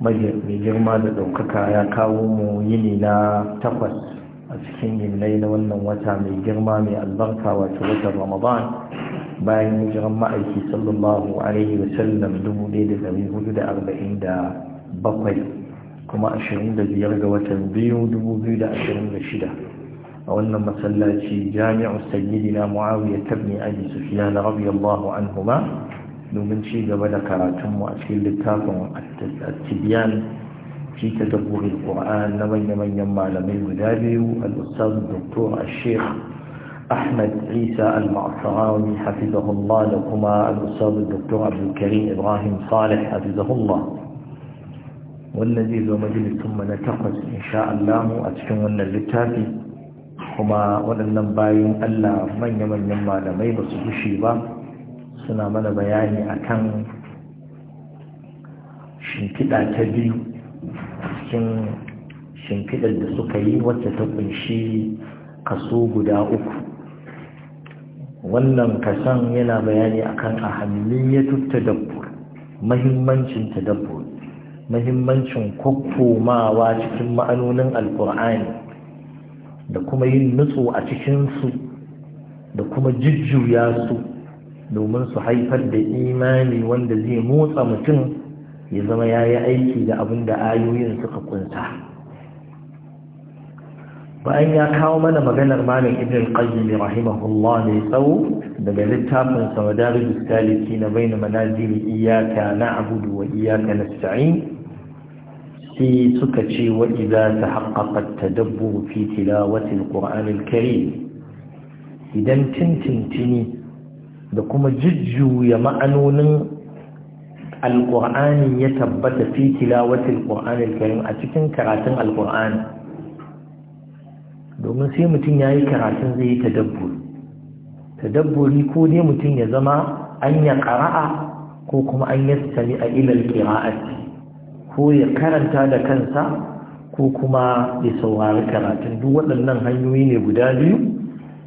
mai girma da ɗaukaka ya kawo mu yini na takwas a cikin yinai na wannan wata mai girma mai albarka wata watan ramadan bayan hijiran ma'aiki sallallahu alaihi wasallam dubu ɗaya da ɗari hudu kuma 25 ga watan biyu dubu a wannan masallaci jami'u sayyidina muawiya tabni abi sufyan radiyallahu anhuma domin ci gaba da karatunmu a cikin littafin at-tibyan ta tadabbur al na na manyan malamai guda biyu al dr ahmad isa al-ma'sarawi hafizahullah da kuma al-ustaz dr ibrahim salih hafizahullah wannan zai zo majalisun mu na takwas insha Allah a cikin wannan littafi kuma waɗannan bayan Allah manya-manyan malamai ba su gushe ba suna mana bayani akan shimfiɗa ta biyu cikin shimfiɗar da suka yi wacce ta kunshi kaso guda uku wannan kasan yana bayani akan ahammiyatu tadabbur mahimmancin tadabbur mahimmancin kwakkomawa cikin ma'anonin alkur'ani da kuma yin nutsu a cikinsu da kuma jujjuya su domin su haifar da imani wanda zai motsa mutum ya zama ya yi aiki da abin da ayoyin suka kunsa bayan ya kawo mana maganar malam ibn qayyim rahimahullah ne tsawo daga littafin samadarij saliki na baina manazil iyyaka na'budu wa iyyaka nasta'in sai suka ce wa idza tahaqqaqa tadabbur fi tilawati al-karim, idan tintintini da kuma jujjuya ma'anonin alkur'ani ya tabbata fi tilawatin ƙur'anil karim a cikin karatun alƙur'ani domin sai mutum ya yi karatun zai yi tadabburi tadabburi ko dai mutum ya zama an ya ƙara'a ko kuma an ya sami a ilal ƙira'ati ko ya karanta da kansa ko kuma ya saurari karatun duk waɗannan hanyoyi ne guda biyu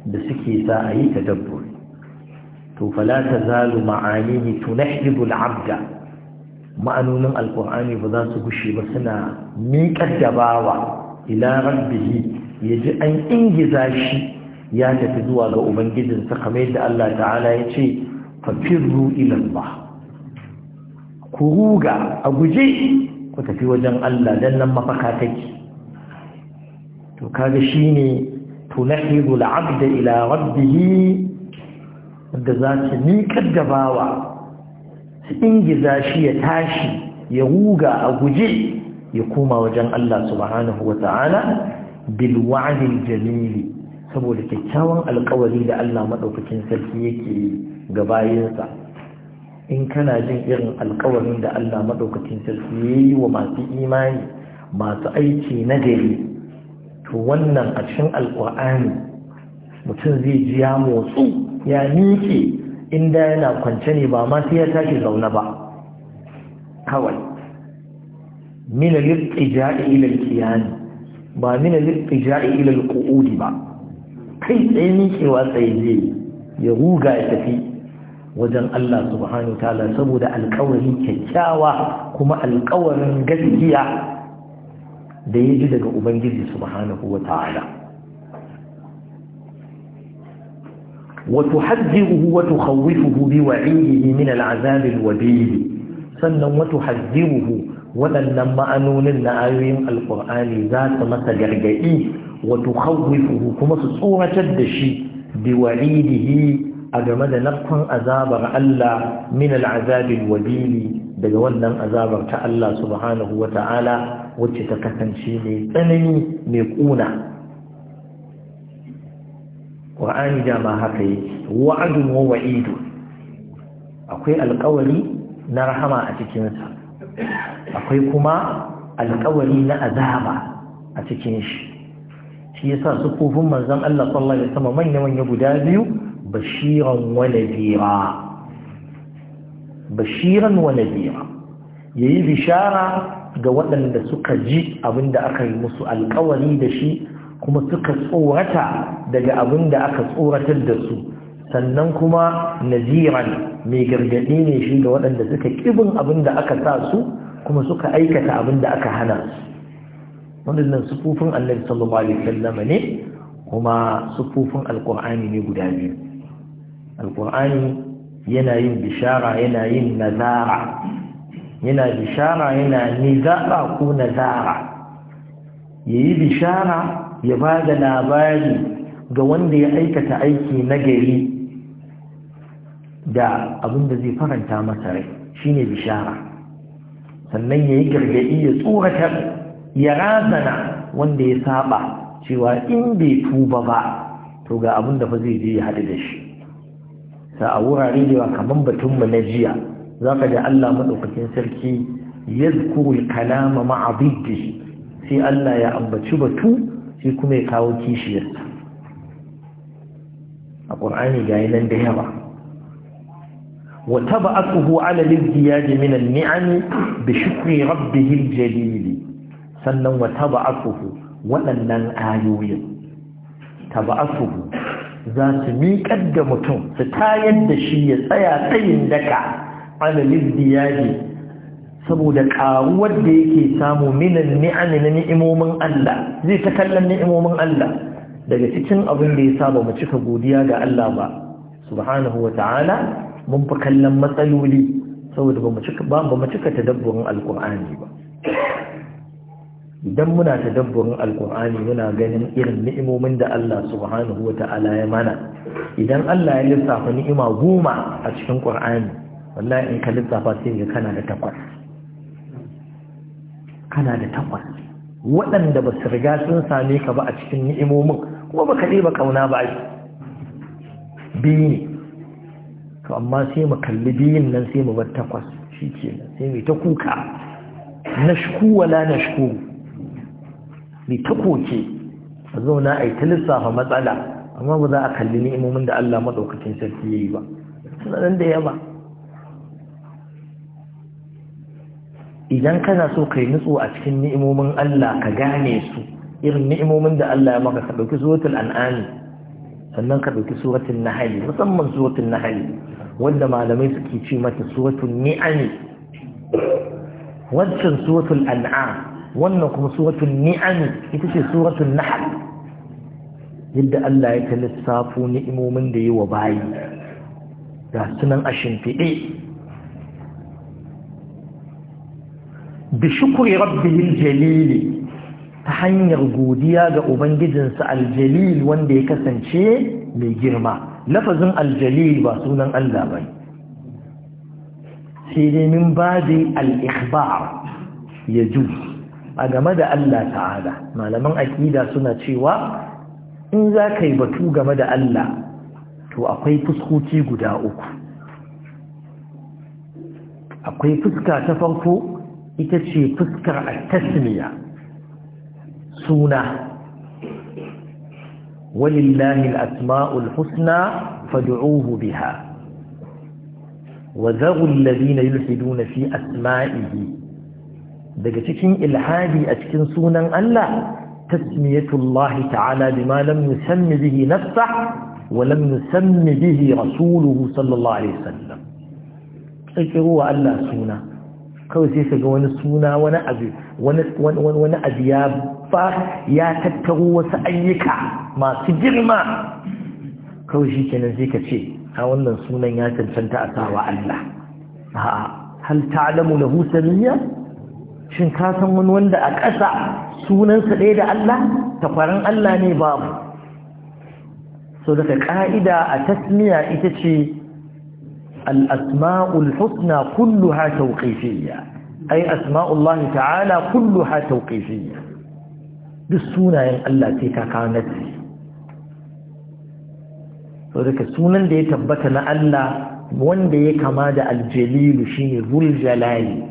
da suke sa a yi tadabburi to fala tazalu ma'anihi tunahhibu al ma'anonin alqur'ani ba za su gushe ba suna miƙar dabawa ila rabbihi yaji an ingiza shi ya tafi zuwa ga ubangijinsa kamar yadda Allah ta'ala ya ce fafirru ila Allah ku ruga a guje ku tafi wajen Allah dan nan mafaka take to kaga shine tunahibu al ila rabbihi da za su miƙar da bawa su ingiza shi ya tashi ya ruga a guje ya koma wajen Allah subhanahu wa ta'ala bilwa'adin jamili saboda kyakkyawan alkawari da Allah maɗaukacin sarki yake ga bayansa in kana jin irin alkawarin da Allah madaukakin sarki yi wa masu imani masu aiki na gari to wannan a cikin alƙur'ani mutum zai ji ya motsu ya miƙe inda yana kwance ne ba ma sai ya tashi zaune ba kawai min al-ija'i ila al ba min al-ija'i ila al ba kai tsaye miƙewa tsaye zai ya ruga ya tafi wajen Allah subhanahu ta'ala saboda alƙawari kyakkyawa kuma alƙawarin gaskiya da ya ji daga Ubangiji subhanahu wa ta'ala وتحذره وتخوفه بوعيده من العذاب الوبيل sannan wata haddiruhu waɗannan ma'anonin na ayoyin alƙur'ani za su masa gargaɗi wata hawwifuhu kuma su tsoratar da shi bi wa'idihi a game da nafkan azabar Allah min al'azabin wabili daga wannan azabar ta Allah subhanahu wa ta'ala wacce ta kasance mai tsanani mai ƙuna ƙwa'ani dama haka yi wa'adun wa wa'idu akwai alƙawari na rahama a cikinsa akwai kuma alƙawari na azaba a cikin shi shi yasa sufufin manzon Allah sallallahu alaihi wasallam manya manya guda biyu bashiran wa nadira bashiran wa nadira yayi bishara ga waɗanda suka ji abinda aka yi musu alƙawari da shi kuma suka tsorata daga abin da aka tsoratar da su sannan kuma naziran mai gargaɗi ne shi ga waɗanda suka ƙibin abin da aka sa su kuma suka aikata abin da aka hana su waɗannan sufufin annabi sallallahu alaihi wasallam ne kuma sufufin alƙur'ani ne guda biyu alƙur'ani yana yin bishara yana yin nazara yana bishara yana nizara ko nazara yayi bishara ya ba da labari ga wanda ya aikata aiki nagari da abin da zai faranta masa rai shine bishara sannan ya yi gargadi ya tsoratar ya razana wanda ya saba cewa in bai tuba ba to ga abin da fa zai je ya haɗu da shi sa a wurare da yawa kamar mu na jiya za ka da Allah maɗaukakin sarki ya zukuru kalama shi sai Allah ya ambaci batu shi kuma ya kawo kishiyarsa a ƙur'ani ga nan da yawa wata ba aka hu ala lizgiya da minan ni'ani da shukri rabbihil jalili sannan wata ba aka hu waɗannan ayoyin ta ba aka hu za su miƙar da mutum su tayar da shi ya tsaya tsayin daka ala lizgiya saboda karuwar da yake samu minan ni'ami na ni'imomin Allah zai ta kallon ni'imomin Allah daga cikin abin da ya saba mu cika godiya ga Allah ba subhanahu ta'ala mun fi kallon matsaloli saboda ba mu cika ba mu cika tadabburin alqur'ani ba idan muna tadabburin alkur'ani muna ganin irin ni'imomin da Allah subhanahu wa ta'ala ya mana idan Allah ya lissafa ni'ima goma a cikin qur'ani wallahi in ka lissafa sai ka kana da takwas kana da takwas waɗanda ba su riga sun same ka ba a cikin ni'imomin kuma ba ka ɗiba ƙauna ba yi. biyu ne to amma sai mu kalli biyun nan sai mu bar takwas shi ke sai mu ta kuka na shku wala na shku mu ta koke a zauna a yi ta lissafa matsala amma ba za a kalli ni'imomin da Allah maɗaukacin sarki ya yi ba suna nan da yawa idan kana so ka yi nutsu a cikin ni'imomin Allah ka gane su irin ni'imomin da Allah ya maka ka ɗauki suratul an'am sannan ka ɗauki suratul nahali musamman suratul nahali wanda malamai suke ce mata suratul ni'am wannan suratul an'a wannan kuma suratul ni'ani ita ce suratul nahl yadda Allah ya ta lissafo ni'imomin da yi wa bayi ga sunan a shimfiɗe bi shukuri rabbihil jalili ta hanyar godiya ga ubangijinsa aljalil wanda ya kasance mai girma lafazin aljalil ba sunan Allah ba sai dai min babi al-ikhbar ya ju a game da Allah ta'ala malaman akida suna cewa in za ka yi batu game da Allah to akwai fuskoki guda uku akwai fuska ta farko ita ce fuskar at-tasmiya suna ولله الأسماء الحسنى فادعوه بها وذروا الذين يلحدون fi أسمائه daga cikin ilhadi a cikin sunan Allah tasmiyatullahi ta'ala bima lam yusammi bihi nafsah wa lam yusammi bihi rasuluhu sallallahu alaihi wasallam tsakiro wa Allah suna kawai sai shiga wani suna wani abu wani abu ya fa ya tattaro wasu ayyuka masu girma kawai shi kenan zai ka ce a wannan sunan ya cancanta a sawa Allah a'a hal ta'lamu lahu samiyya shin ka san wani wanda a ƙasa sunansa ɗaya da Allah takwaran Allah ne babu so daga ƙa'ida a tasmiya ita ce الأسماء الحسنى كلها توقيفية أي أسماء الله تعالى كلها توقيفية بالسنة التي كانت فذلك السنة دي تبتنا ألا وان دي كما دا الجليل شيء ذو الجلال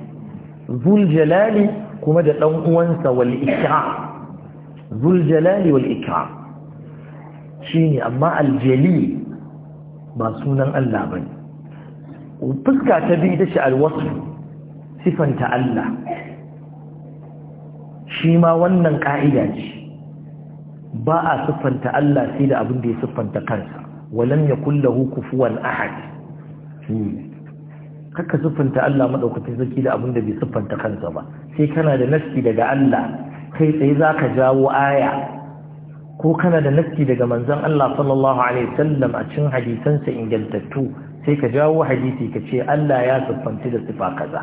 ذو الجلال كما دا الأنوانسة والإكرام ذو الجلال والإكرام شيء أما الجليل ما سنة ألا بني fuska ta biyu da shi alwasu sifanta Allah shi ma wannan ƙa'ida ce ba a siffanta Allah sai da abin da ya sifanta kansa walam ya kulla hukufuwan ahad hmm. kaka siffanta Allah maɗaukacin sarki da abin da bai siffanta kansa ba sai kana da nafsi daga Allah kai tsaye za ka jawo aya ko kana da nafsi daga manzan Allah sallallahu alaihi wasallam a cin hadisansa ingantattu sai ka jawo hadisi ka ce Allah ya siffanci da sifa kaza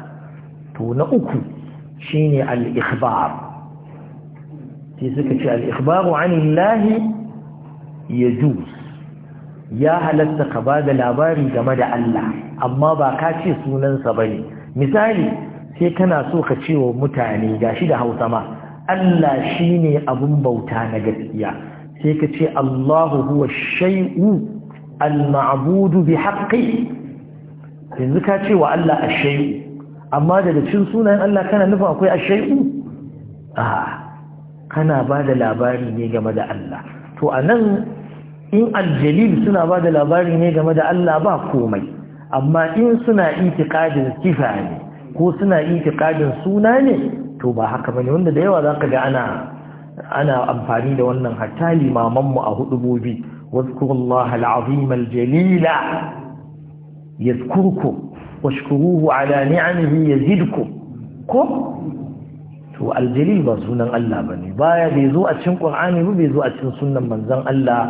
to na uku shine al-ikhbar sai suka ce al-ikhbaru anillahi yajuz ya halatta ka da labari game da Allah amma ba ka ce sunansa bane misali sai kana so ka ce wa mutane gashi da Hausa ma Allah shine abun bauta na gaskiya sai ka ce Allahu huwa shay'u al-ma'budu bi yanzu ka ce wa Allah ash-shay'u amma daga cikin sunayen Allah kana nufin akwai ash ah kana ba da labari ne game da Allah to anan in al-jalil suna ba da labari ne game da Allah ba komai amma in suna itiqadin sifa ne ko suna itiqadin suna ne to ba haka bane wanda da yawa zaka ga ana ana amfani da wannan hatta limaman mu a hudubobi واذكروا الله العظيم الجليل يذكركم واشكروه على نعمه يزدكم كم to aljalil ba sunan Allah ba ne baya bai zo a cikin Qur'ani ba bai zo a cikin sunnan manzon Allah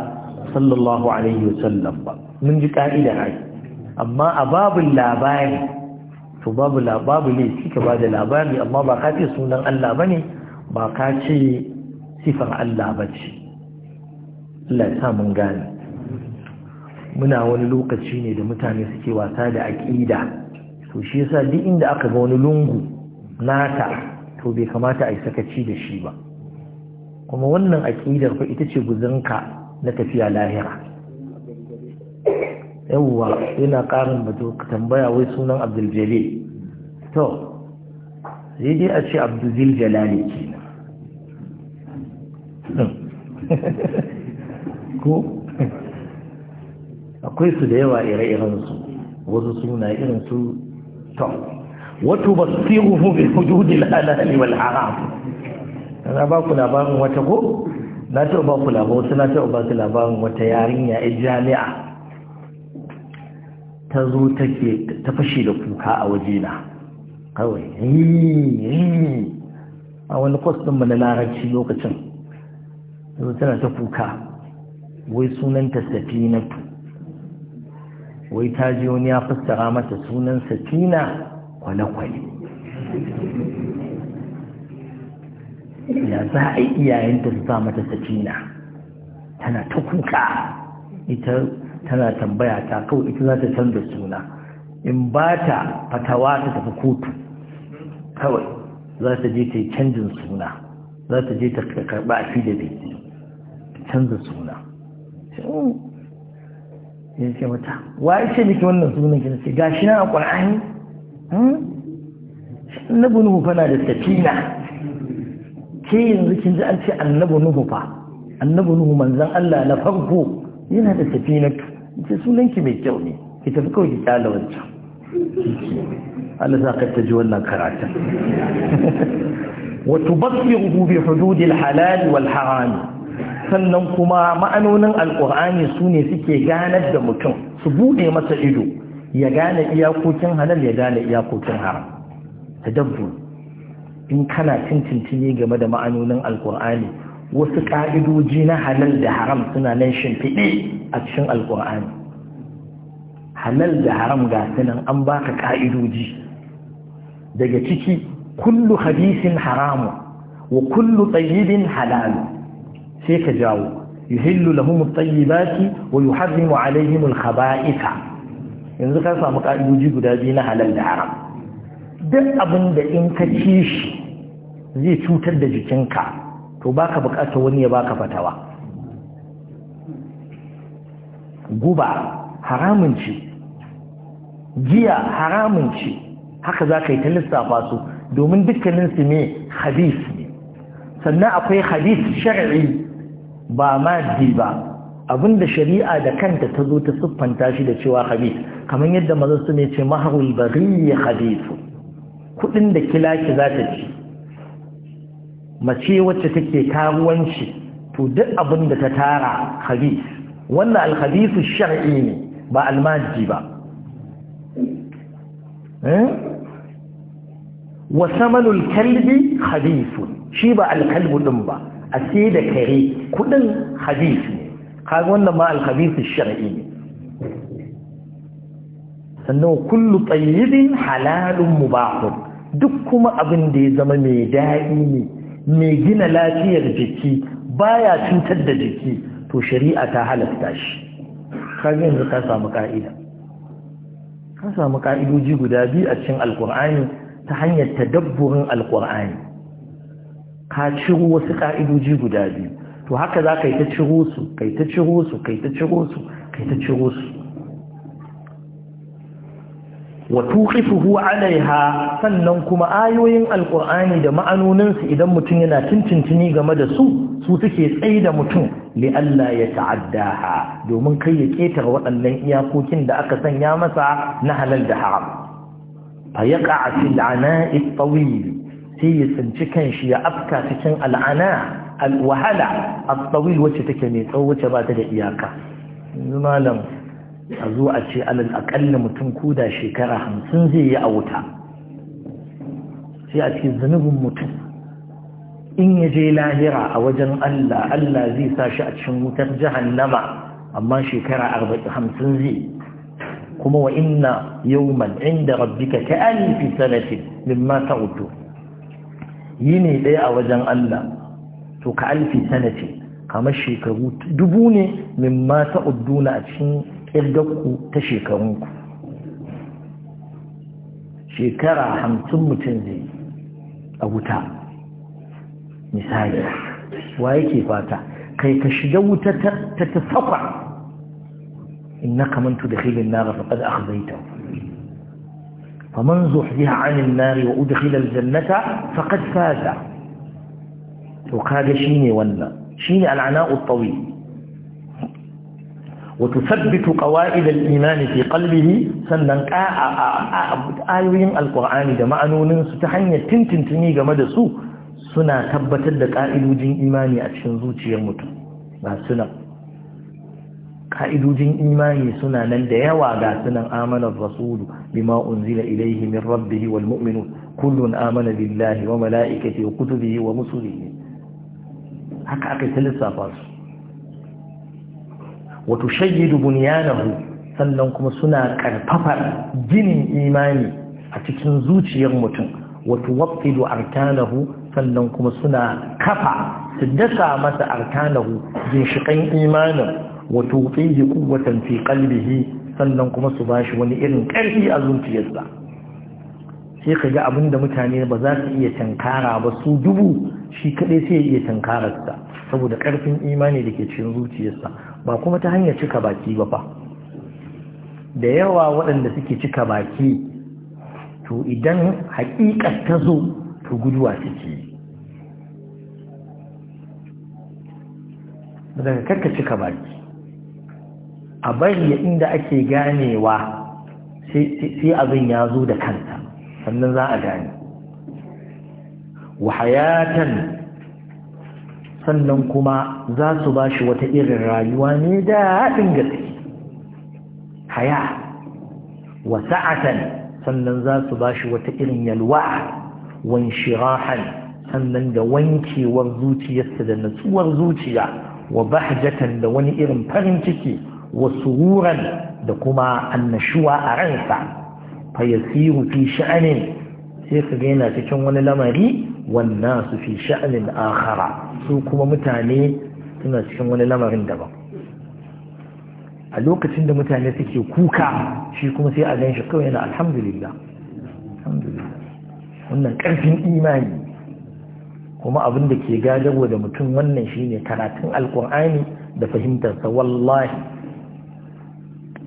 sallallahu alaihi wasallam ba mun ji ka'ida ai amma a babul labari to babu lababu ne kika ba da labari amma ba ka ce sunan Allah bane ba ka ce sifar Allah bace Allah ya mun gane muna wani lokaci ne da mutane suke wasa da aƙida to shi yasa duk inda aka ga wani lungu nata to bai kamata a yi sakaci da shi ba kuma wannan aƙidar fa ita ce guzanka na tafiya lahira yawwa yana ƙarin ba ka tambaya wai sunan abduljalil to sai dai a ce abduljalil jalali kenan hmm. ko akwai su da yawa ire-iren su wasu suna irin su to wato ba su siru hufi hujjudi hujudi lalali wal haram na ba ku labarin wata ko na ta ba ku labarin wata na ta ba ku labarin wata yarinya a jami'a ta zo take ta fashe da kuka a wajena kawai a wani kwas ɗinmu na larabci lokacin zo tana ta kuka wai sunanta safinatu wai ta ji wani ya fassara mata sunan safina kwale-kwale ya za a yi iyayenta su sa mata safina tana ta kuka ita tana tambaya ta kawai ita za ta canza suna in ba ta fatawa ta tafi kotu kawai za ta je ta yi canjin suna za ta je ta karɓa fi da canza suna ya ce mata wa ya ce miki wannan sunan ki ce gashi na a qur'ani hmm? Annabu nuhu fa na da safina ke yanzu kin ji an ce annabi nuhu fa annabu nuhu manzon Allah na farko yana da safinatu ce sunan ki mai kyau ne ki tafi kawai ki kyala wancan Allah za ka ji wannan karatun wa tubaqqihu bi hududil halal wal haram sannan kuma ma'anonin alƙur'ani su ne suke ganar da mutum su buɗe masa ido ya gane iyakokin halal ya gane iyakokin haram dabbu in kana tintintini game da ma'anonin alƙur'ani wasu ƙa'idoji na halal da haram suna nan shimfiɗe a cikin alƙur'ani halal da haram ga sunan an baka ƙa'idoji daga ciki kullu hadisin haramu wa kullu tsayibin halalu sai ka jawo yuhillu lahum at-tayyibati wa yuharrimu alaihim al-khaba'itha yanzu ka samu ka'idoji guda biyu na halal da haram duk abin da in ka ci shi zai cutar da jikinka to baka bukatar wani ya baka fatawa guba haramun ce giya haramun ce haka za ka yi ta lissafa su domin dukkaninsu ne hadis ne sannan akwai hadis shar'i ba maddi ba abinda shari'a da kanta ta zo ta siffanta shi da cewa habis kamar yadda mazan su ne ce maharul bari ya habisu kudin da kilaki za ta ci mace wacce take karuwanci to duk abinda da ta tara habis wannan alhabisu shar'i ne ba almaji ba eh? wa samanul kalbi habisu shi ba alkalbu din ba a sai da kare kudin hadisi ne kaga wannan ma al shar'i ne sannan kullu tayyibin halalun mubahun duk kuma abin da ya zama mai daɗi ne mai gina lafiyar jiki baya cutar da jiki to shari'a ta halatta shi kaga yanzu ka samu ka'ida ka samu ka'idoji guda biyu a cikin alkur'ani ta hanyar tadabburin alkur'ani ka ciro wasu ƙa’iduji guda biyu to haka za ka yi ta ciro su kai ta ciro su yi ta ciro su yi ta ciro su wa tuqifuhu alaiha sannan kuma ayoyin Alƙur'ani da ma'anoninsu idan mutum yana cincintini game da su su suke tsaye da mutum li Allah ya ta'adda ha, domin kai ya ƙetar waɗannan iyakokin da aka sanya masa na halal da haram fa yaqa fil ana'i tawil sai ya tsinci kanshi ya afka cikin al'ana alwahala al-tawil wacce take mai tsawo wacce ba ta da iyaka malam a zo a ce alal akalla mutum da shekara hamsin zai yi a wuta sai a ce zunubin mutum in ya je lahira a wajen Allah Allah zai sa shi a cikin wutar jahannama amma shekara arba'in hamsin zai kuma wa inna yawman inda rabbika ka alifi sanatin mimma ta'udu ne ɗaya a wajen Allah to ka alfi ce, kamar shekaru dubu ne min ma ta'udduna a cikin ƙirgarku ta shekarunku shekara hamsin mutum zai a wuta misali wa yake fata kai ka shiga wuta ta tafakwa in na kamantu da filin na rafa ƙada akhzaitahu فمن زحزح عن النار وأدخل الجنة فقد فاز وقال شيني ولا شيني العناء الطويل وتثبت قوائد الإيمان في قلبه سنن آيوين القرآن جمعنون ستحني تنتن تنيغ مدسو سنة ثبتت لك آئلو جن إيماني أتشنزوتي يموت ما سنة ka'idojin imani suna nan da yawa ga sunan amanar rasulu bima unzila ilaihi min rabbihi wal mu'minun kullun amana billahi wa mala'ikatihi wa kutubihi wa rusulihi haka aka ta lissafa su wa tushayyidu bunyanahu sannan kuma suna karfafar ginin imani a cikin zuciyar mutum wa tuwaqqidu arkanahu sannan kuma suna kafa su dasa masa arkanahu ginshiƙan imanin wa tuqihi quwwatan fi qalbihi sannan kuma su bashi wani irin ƙarfi a zuciyarsa sai ka ga abinda mutane ba za su iya tankara ba su dubu shi kaɗai sai iya tankararsa saboda ƙarfin imani da ke cikin zuciyarsa ba kuma ta hanyar cika baki ba fa da yawa waɗanda suke cika baki to idan haƙiƙar ta zo to guduwa suke daga karka cika baki a bari inda ake ganewa sai abin ya zo da kanta sannan za a gane wa sannan kuma za su ba shi wata irin rayuwa ne daɗin gaske haya wa sa'atan sannan za su ba shi wata irin yalwa wanshirahan sannan da wankewar zuciyarsa da natsuwar zuciya wa bahjatan da wani irin farin ciki Wasu sururan da kuma annashuwa a ransa fa yasiru fi sha'anin sai ka ga cikin wani lamari wannan su fi sha'anin akhara su kuma mutane suna cikin wani lamarin daban a lokacin da mutane suke kuka shi kuma sai a gan kawai yana alhamdulillah wannan karfin imani kuma abinda ke gadarwa da mutum wannan shine karatun alkur'ani da fahimtarsa wallahi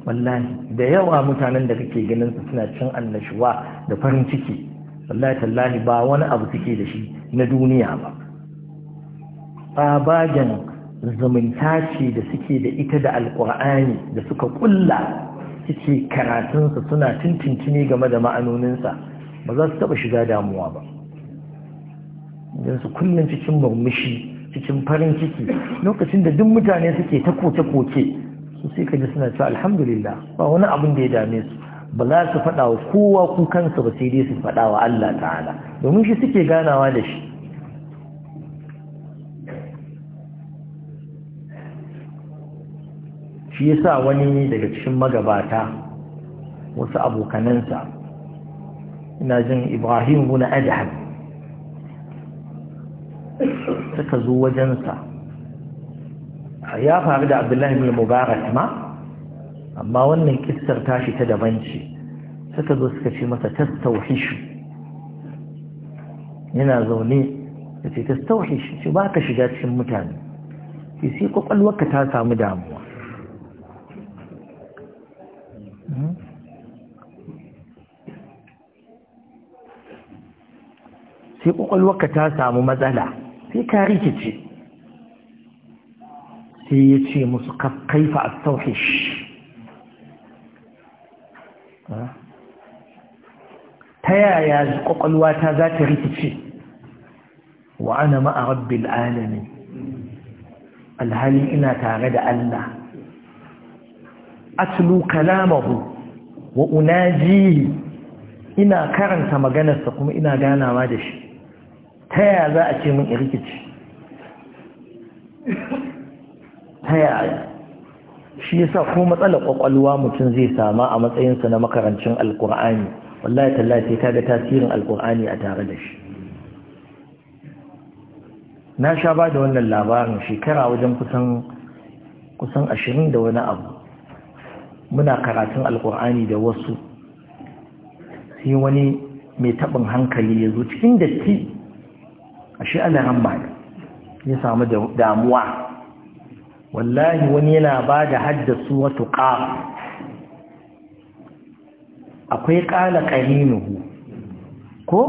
wallahi da yawa mutanen da kake ganin su suna cin annashuwa da farin ciki wallahi tallahi ba wani abu suke da shi na duniya ba Tsabagen zumunta ce da suke da ita da alkur'ani da suka kulla suke karatunsa suna tuntuntuni game da ma'anoninsa ba za su taba shiga damuwa ba don su kullum cikin murmushi cikin farin ciki lokacin da duk mutane suke ta koke-koke su sai ka ji suna cewa alhamdulillah ba wani abin da ya dame su ba za su faɗa wa kowa kansu ba sai dai su faɗa wa Allah ta'ala domin shi suke ganawa da shi shi ya sa wani daga cikin magabata wasu abokanansa ina jin ibrahim guna adham suka zo wajensa ya faru da abdullahi bin mubarak ma amma wannan kissar tashi ta daban ce suka zo suka ce masa shi. yana zaune da ce shi, ce ba ka shiga cikin mutane ke sai kwakwalwarka ta samu damuwa hmm? sai kwakwalwarka ta samu matsala sai ka rikice sai ya ce musu kaifa astauhish ta yaya kwakwalwata za ta rikice wa ana ma'a alamin alhali ina tare da Allah atlu kalamahu wa unajihi ina karanta maganarsa kuma ina ganawa da shi ta yaya za a ce min rikice ta yaya shi yasa ko matsala kwakwalwa mutum zai sama a matsayinsa na makarancin alkur'ani wallahi tallahi sai kaga tasirin alkur'ani a tare da shi na sha ba da wannan labarin shekara wajen kusan kusan ashirin da wani abu muna karatun alkur'ani da wasu sai wani mai taɓin hankali ya zo cikin datti a shi alaran ya samu damuwa wallahi wani yana ba da haddasu wata ƙa akwai ƙala ƙarinuhu ko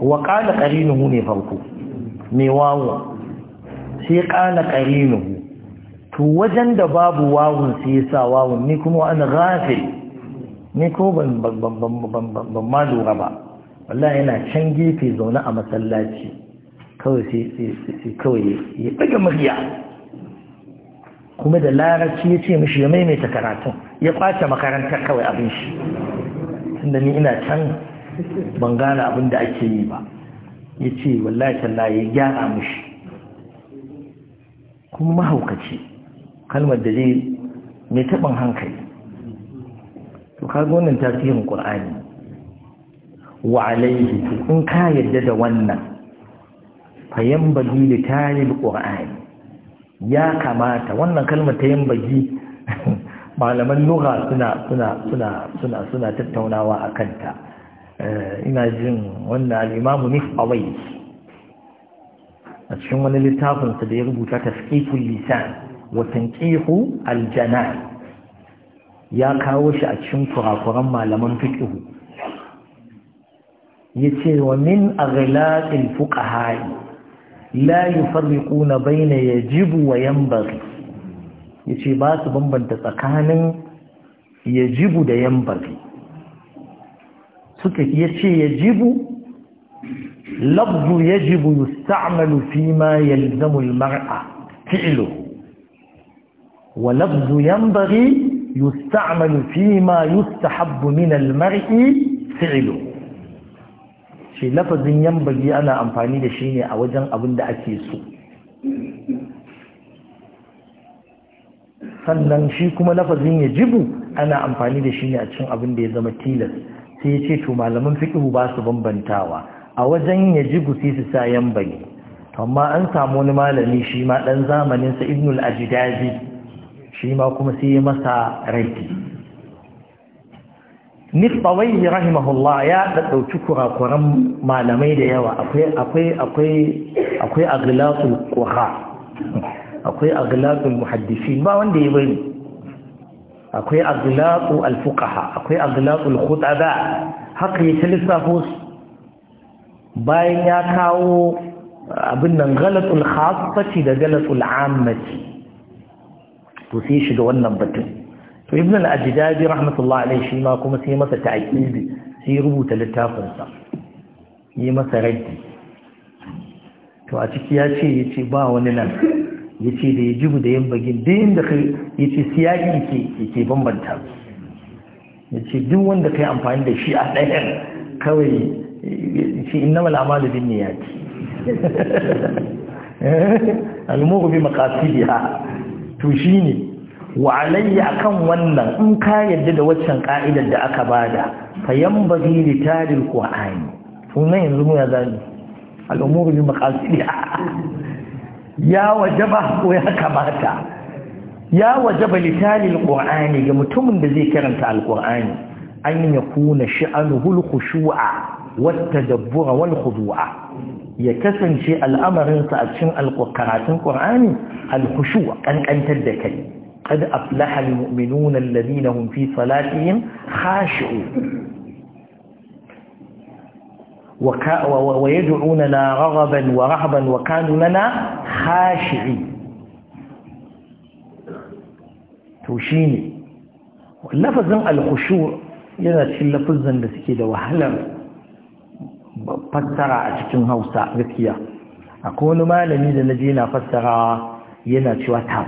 wa ƙala ƙarinuhu ne farko mai wawo sai ƙala ƙarinuhu to wajen da babu wawun sai sa wawun ni kuma an gafe ni ko ban ma lura ba wallahi yana can gefe zaune a masallaci kawai sai kawai ya ɗaga murya kuma da larabci ya ce mishi ya maimaita karatun ya kwace makarantar kawai abin shi tunda ni ina can ban gane abin da ake yi ba ya ce wallahi talla ya gyara mishi kuma mahaukaci kalmar da zai mai taɓin hankali to ka kaga wannan tasirin ƙur'ani wa alaihi in ka yarda da wannan fayan bagi da tarihin ƙur'ani ya kamata wannan kalmar ta yin bagi malaman lura suna suna suna suna suna tattaunawa a kanta eh, ina jin wannan al'imamu nifawai a cikin wani littafinsa da ya rubuta ta tasqiful lisan watan ƙihu aljana ya kawo shi a cikin kurakuran malaman ya yace wa min a fuka fuqaha la yufarriquna bayna yajibu wa yace ba su bambanta tsakanin yajibu da yambari suke yace yajibu lafzu yajibu yusta'malu fima yalzamu almar'a fi'lu wa lafzu yanbaghi yusta'malu fima yustahabbu min almar'i fi'luhu shi lafazin yambagi ana amfani da shi ne a wajen abin da ake so sannan shi kuma lafazin ya jibu ana amfani da shi ne a cikin abin da ya zama tilas sai ya ce to malaman fiƙihu ba su bambantawa a wajen ya jibu sai su sa yambagi amma an samu wani malami shi ma ɗan zamaninsa ibnul ajidazi shi ma kuma sai ya masa raiti nisbawaihi rahimahullah ya ɗauki kurakuran malamai da yawa akwai akwai akwai akwai aglasul qura akwai aglasul ba wanda ya bari akwai aglasul alfuqaha akwai aglasul khutaba haka ya lissafo bayan ya kawo abin nan galasul khassati da galasul ammati to sai shiga wannan batun فابن الأجداد رحمة الله عليه شيما كما سيما تتعيد سيربو تلتا فرصة يما سرد تواتيك ياتي يتي با وننم يتي دي يجب دي ينبغين دين دخي يتي سياجي يتي يتي بمبنتا يتي دو وان دخي أمفاين دي شيء أحنا كوي يتي إنما الأعمال بالنيات المغ بمقاسدها توشيني wa alayya akan wannan in ka yadda da waccan ka'idar da aka bada fa yanbaghi li taril qur'ani sunan yanzu mu ya zani al'umuru bi maqasidiha ya wajaba ko ya kamata ya wajaba li taril qur'ani ga mutumin da zai karanta alqur'ani an yakuna sha'anuhu al-khushu'a والتدبر والخضوع يكسن شيء a cikin أتشن القرآن الخشوع أن da kai. قد أفلح المؤمنون الذين هم في صلاتهم خاشعون وكا ويدعوننا رغبا ورهبا وكانوا لنا خاشعين توشيني واللفظ الخشوع ينتهي اللفظ الذي وهلا فسر اتكن هوسا غكيا اكون ما لمي الذين فسر ينتهي وتقع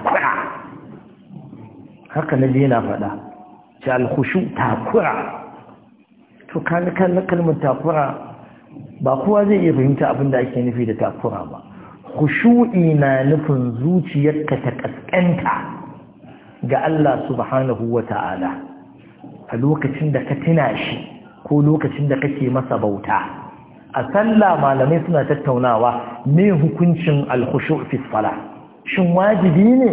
haka na je na faɗa ta alkhushu takura to kan kalmar takura ba kowa zai iya fahimta abin da ake nufi da takura ba kushu'i na nufin zuciyarka ta kaskanta ga Allah subhanahu wa ta'ala a lokacin da ka tuna shi ko lokacin da kake masa bauta a sallah malamai suna tattaunawa me hukuncin alkhushu' fi salah shin wajibi ne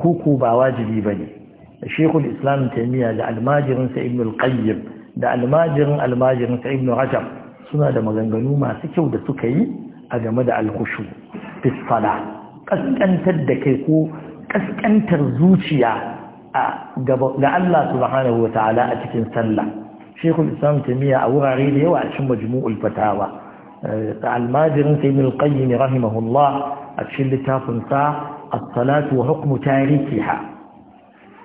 ko ko ba wajibi bane shekul islam taimiyya da almajirinsa sa ibn al-qayyim da almajirin almajirinsa ibnu ibn rajab suna da maganganu masu kyau da suka yi a game da alkushu fisfala kaskantar da kai ko ƙasƙantar zuciya ga Allah subhanahu wa ta'ala a cikin sallah shekul islam taimiyya a wurare da yawa a cikin majmu'ul fatawa da eh, almajirin sa ibn al-qayyim rahimahullah a cikin littafin sa as-salatu wa hukmu tarikiha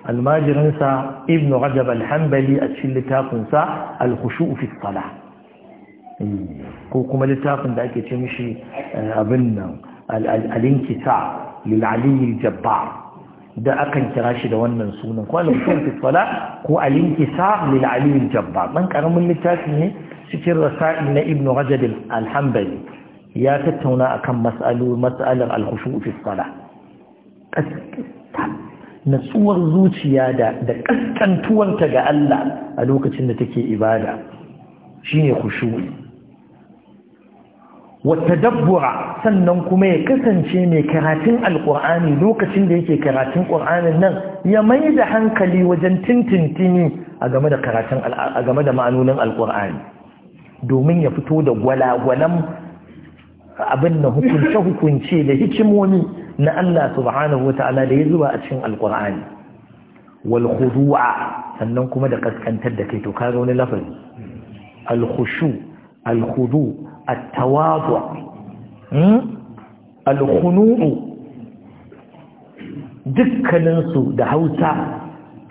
almajirinsa ibn rajab alhambali a cikin littafinsa alkhushu fi salah eh, ko kuma littafin da ake ce mishi eh, abin nan al-inkisa jabbar da akan kira shi da wannan sunan ko al fi ko alinkisa inkisa jabbar dan karamin littafi ne cikin rasa'i na ibn rajab alhambali ya tattauna akan mas'alu mas'alar al fi natsuwar zuciya da da kaskantuwanta ga Allah a lokacin da take ibada shine khushu'i wa tadabbura sannan kuma ya kasance mai karatun alqur'ani lokacin da yake karatun qur'anin nan ya mai da hankali wajen tintintini a game da karatun a game da ma'anonin alqur'ani domin ya fito da gwalagwalan abin da hukunce hukunce da hikimomi na Allah subhanahu wata'ala da ya zuba a cikin alkur'ani wal khudu'a sannan kuma da kaskantar da kai to kaga wani lafazi al khushu al khudu at hmm? al khunu'u dukkanin su da Hausa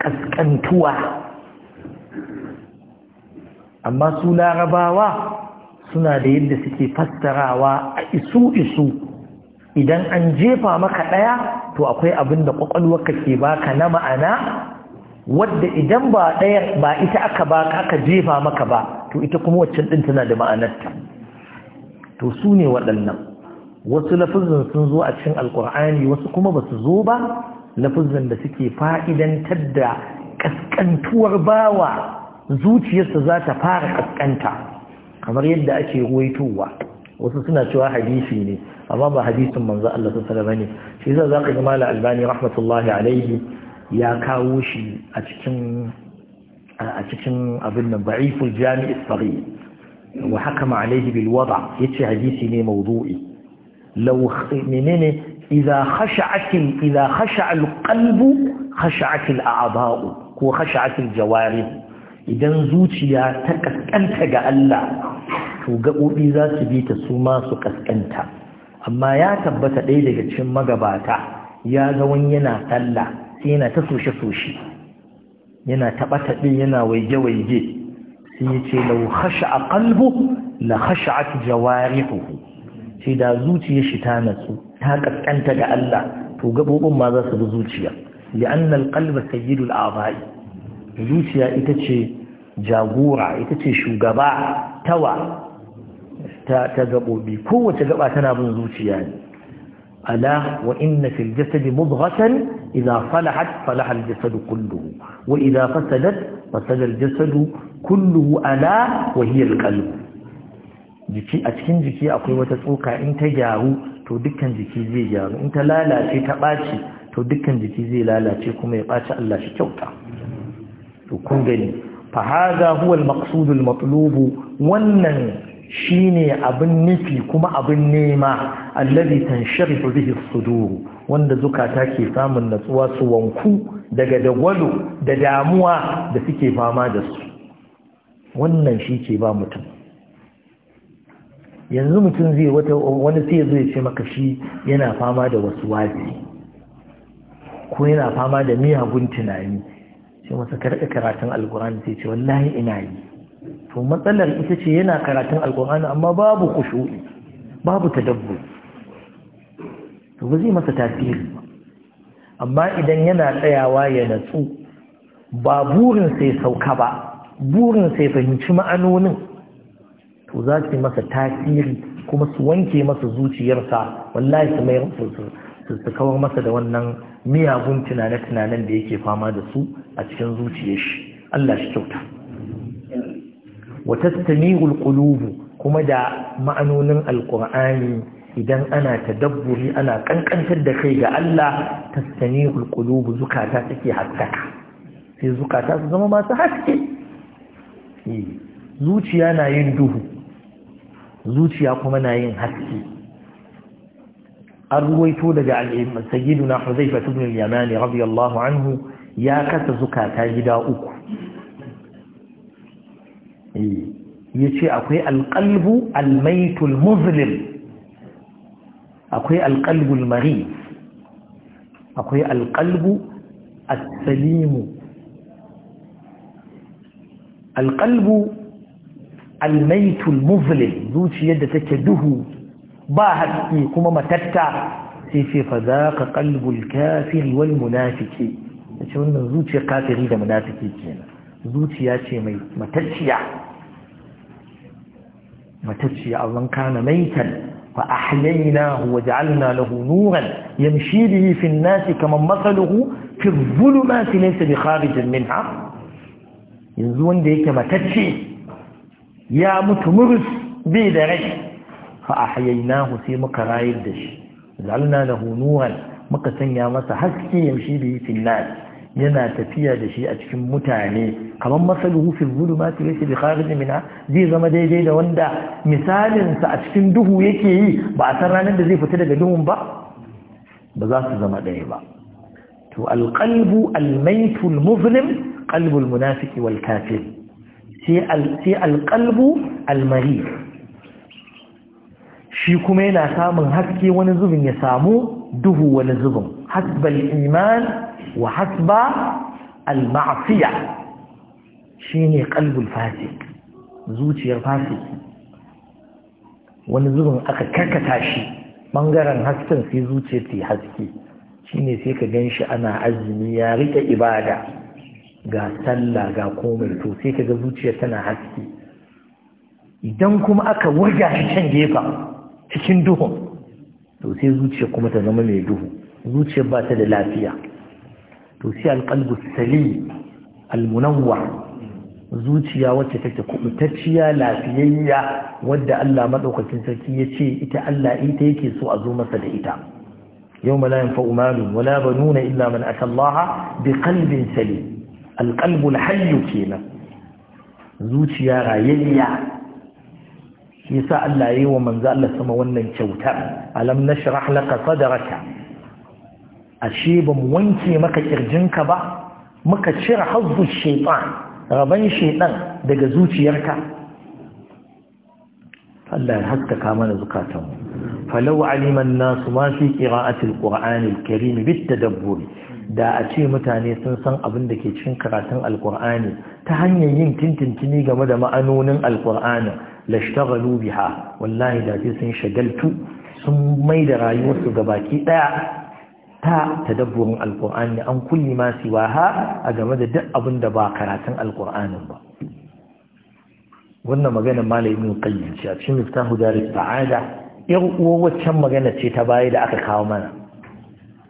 kaskantuwa amma su larabawa suna da yadda suke fassarawa a isu isu idan an jefa maka ɗaya to akwai abin da ƙwaƙwalwarka ke baka na ma'ana wadda idan ba ɗaya ba ita aka ba aka jefa maka ba to ita kuma waccan ɗin tana da ma'anarta to su ne waɗannan wasu lafizin sun zo a cikin alƙur'ani wasu kuma ba su zo ba lafizin da suke fa'idantar da ƙasƙantuwar bawa zuciyarsa za ta fara ƙasƙanta kamar yadda ake ruwaitowa wasu suna cewa hadisi ne amma ba hadisin manzo Allah sallallahu alaihi shi yasa zaka ga mala albani rahmatullahi alaihi ya kawo shi a cikin a cikin abin nan da'iful jami' as-saghir wa hakama alaihi bil wada' yace hadisi ne mawdu'i law menene idza khasha'at idza khasha'a al-qalbu khasha'at al-a'dha'u ko khasha'at al-jawarih idan zuciya ta kaskanta ga Allah to gaɓoɓi za su bi ta su masu su ƙasƙanta amma ya tabbata ɗaya daga cikin magabata ya ga wani yana sallah sai yana ta soshe-soshe yana taɓa-taɓe yana waige-waige sai ya ce lau hasha a kalbu na hasha a sai da zuciya shi ta natsu ta ƙasƙanta ga Allah to gaɓoɓin ma za su bi zuciya li'annal qalba sayyidul a'dha'i zuciya ita ce jagora ita ce shugaba tawa ta ta gabobi kowace gaba tana bin zuciya ne ala wa inna fil jasadi mudghatan idha falahat falaha al jasadu kulluhu wa idha fasadat fasada al jasadu kulluhu ala wa hiya al qalb jiki a cikin jiki akwai wata tsoka in ta gyaru to dukkan jiki zai gyaru in ta lalace ta ɓaci to dukkan jiki zai lalace kuma ya ɓaci Allah shi kyauta to kun gani fa hadha huwa al maqsud al matlub wannan shine abin nufi kuma abin nema allazi tansharihu bihi sudur wanda zukata ke samun natsuwa su wanku daga dagwalo da damuwa da suke fama da su wannan shi ke ba mutum yanzu mutum zai wata wani sai zai ce maka shi yana fama da wasu wafi ko yana fama da miyagun tunani sai masa karɗa karatun alkurani sai ce wallahi ina yi to matsalar ita ce yana karatun alkur'ani amma babu kushu'i babu tadabbu to ba zai masa tasiri ba amma idan yana tsayawa ya natsu ba burin sai sauka ba burin sai fahimci ma'anonin to za su masa tasiri kuma su wanke masa zuciyarsa wallahi su mai su kawar masa da wannan miyagun tunane-tunanen da yake fama da su a cikin zuciyar shi Allah shi kyauta wa tastami'ul qulub kuma da ma'anonin alqur'ani idan ana ta dabburi ana ƙanƙantar da kai ga Allah tastami'ul qulub zukata take haskaka sai zukata su zama masu haske eh, zuciya na yin duhu zuciya kuma na yin haske an ruwaito daga al'imman na huzaifatu ibn al-yamani radiyallahu anhu ya kasa zukata gida uku Eh, yace akwai alƙalbu almaitul muslim akwai alƙalbul mari akwai alƙalbu asalimu alƙalbu almaitul muslim zuciyar da take duhu ba haske kuma matatta sai ce fa za ka ƙalbul kafiri wal munafiki yace wannan zuciyar kafiri da munafiki kenan zuciya ce mai matacciya matacciya allon kana maitan fa ahyaynahu wa ja'alna lahu nuran yamshi bihi fi an-nasi kaman masaluhu fi dhulumati laysa bi kharijin minha yanzu wanda yake matacci ya mutu murus bi da rai fa ahyaynahu sai muka rayar da shi ja'alna lahu nuran muka sanya masa haske yamshi bihi fi an yana tafiya da shi a cikin mutane kamar gudu fi zulumati laysa bi kharij minha zai zama daidai da wanda misalin sa a cikin duhu yake yi ba a san ranar da zai fita daga duhun ba ba za su zama ɗaya ba to alqalbu almaytu almuzlim qalbu almunafiqi wal kafir sai al sai alqalbu almarid shi kuma yana samun haske wani zubin ya samu duhu wani zubin حسب الإيمان وحسب المعصية شيني قلب الفاسق زوجي الفاسق ونزغن أكا كركتاشي منغران حسن في زوجي في حسكي shine sai ka gan shi ana azumi ya rike ibada ga sallah ga komai to sai ka ga tana haske idan kuma aka waja shi can gefa cikin duhun to sai kuma ta zama mai duhu zuciyar ba ta da lafiya to sai alqalbu salim almunawwar zuciya wacce take kubutacciya lafiyayya wadda Allah madaukakin sarki ya ce ita Allah ita yake so a zo masa da ita ma la yanfa'u malun wala banuna illa man ata Allah sali salim alqalbu alhayy kenan zuciya rayayya yasa Allah yayi wa manzo Allah sama wannan kyauta alam nashrah laka sadraka ashe ba mu wanke maka kirjinka ba muka cire hazzu shaitan raban shaitan daga zuciyarka Allah ya haskaka mana zukatanmu falau aliman nasu ma fi qira'atil qur'anil karim bit tadabbur da a ce mutane sun san abin da ke cikin karatun alkur'ani ta hanyar yin tintintini game da ma'anonin alkur'ani lashtaghalu biha wallahi da sun shagaltu sun mai da rayuwarsu ga baki daya ta tadabburin alkur'ani an kulli ma ha a game da duk abin da ba karatun Alƙur'anin ba wannan magana malamin qayyim ce a cikin miftahu darus sa'ada yar uwa magana ce ta baya da aka kawo mana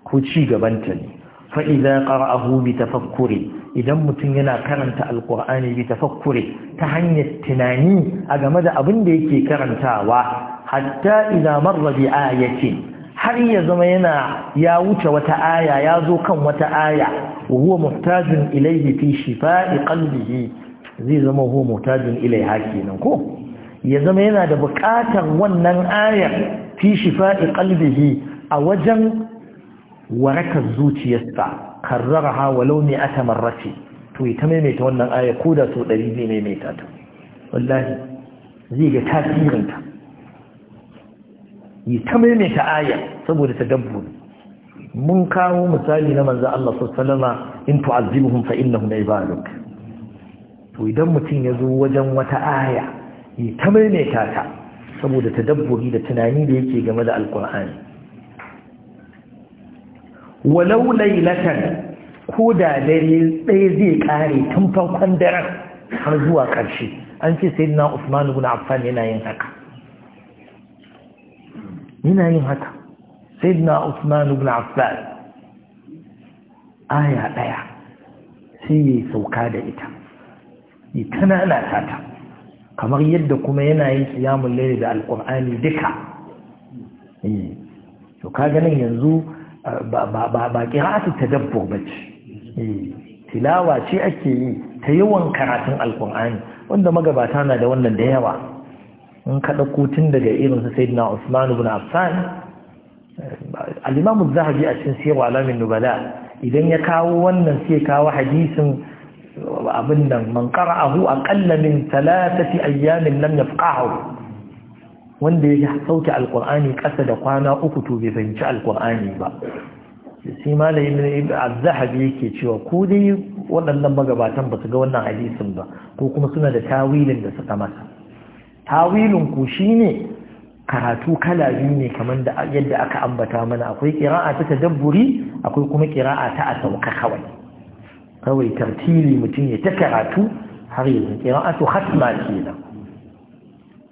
ko ci gaban ta ne fa idza qara'ahu bi tafakkuri idan mutum yana karanta alkur'ani bi tafakkuri ta hanyar tunani a game da abin da yake karantawa hatta idan marra bi ayatin har ya zama yana ya wuce wata aya ya zo kan wata aya wa huwa muhtajun ilayhi fi shifa'i qalbihi zai zama huwa muhtajun ilayha kenan ko ya zama yana da buƙatar wannan aya fi shifa'i qalbihi a wajen warakar zuciyarsa karraraha walau ne ata marrace to ita maimaita wannan aya ko da so ɗari zai maimaita ta wallahi zai ga tasirinta yi ta maimaita aya saboda ta dabbobi mun kawo misali na manzo Allah sallallahu in tu'azzibuhum fa innahum ibaduk to idan mutum ya zo wajen wata aya yi ta maimaita ta saboda ta dabbobi da tunani da yake game da alkur'ani walau lailatan ko da dare ɗaya zai ƙare tun farkon daren har zuwa ƙarshe an ce sai na usman ibn affan yana yin haka yana yin haka sayyidina Usman ibn Affan aya daya sai ya sauka da ita ita na ana tata kamar yadda kuma yana yin qiyamul layl da alqur'ani duka eh to kaga nan yanzu eh, ba ba ba qira'atu tadabbur bace eh tilawa ce ake yi ta yawan karatun alqur'ani wanda magabata na da wannan da yawa in ka ɗauko tun daga irin su sayyidina Usman ibn Affan al zahabi a cikin wa alamin nubala idan ya kawo wannan sai kawo hadisin uh, abin nan man a ƙalla min talatati ayyamin lam yafqahu wanda ya sauke alqur'ani ƙasa da kwana uku to bai fahimci alqur'ani ba sai malamin az-zahabi yake cewa ko dai waɗannan magabatan ba su ga wannan hadisin ba ko kuma suna da tawilin da suka masa tawilin ku ne karatu kala biyu ne kamar da yadda aka ambata mana akwai kira'a ta tadabburi akwai kuma kira'a ta asauka kawai kawai tartili mutum ya ta karatu har yanzu kira'atu hatma kenan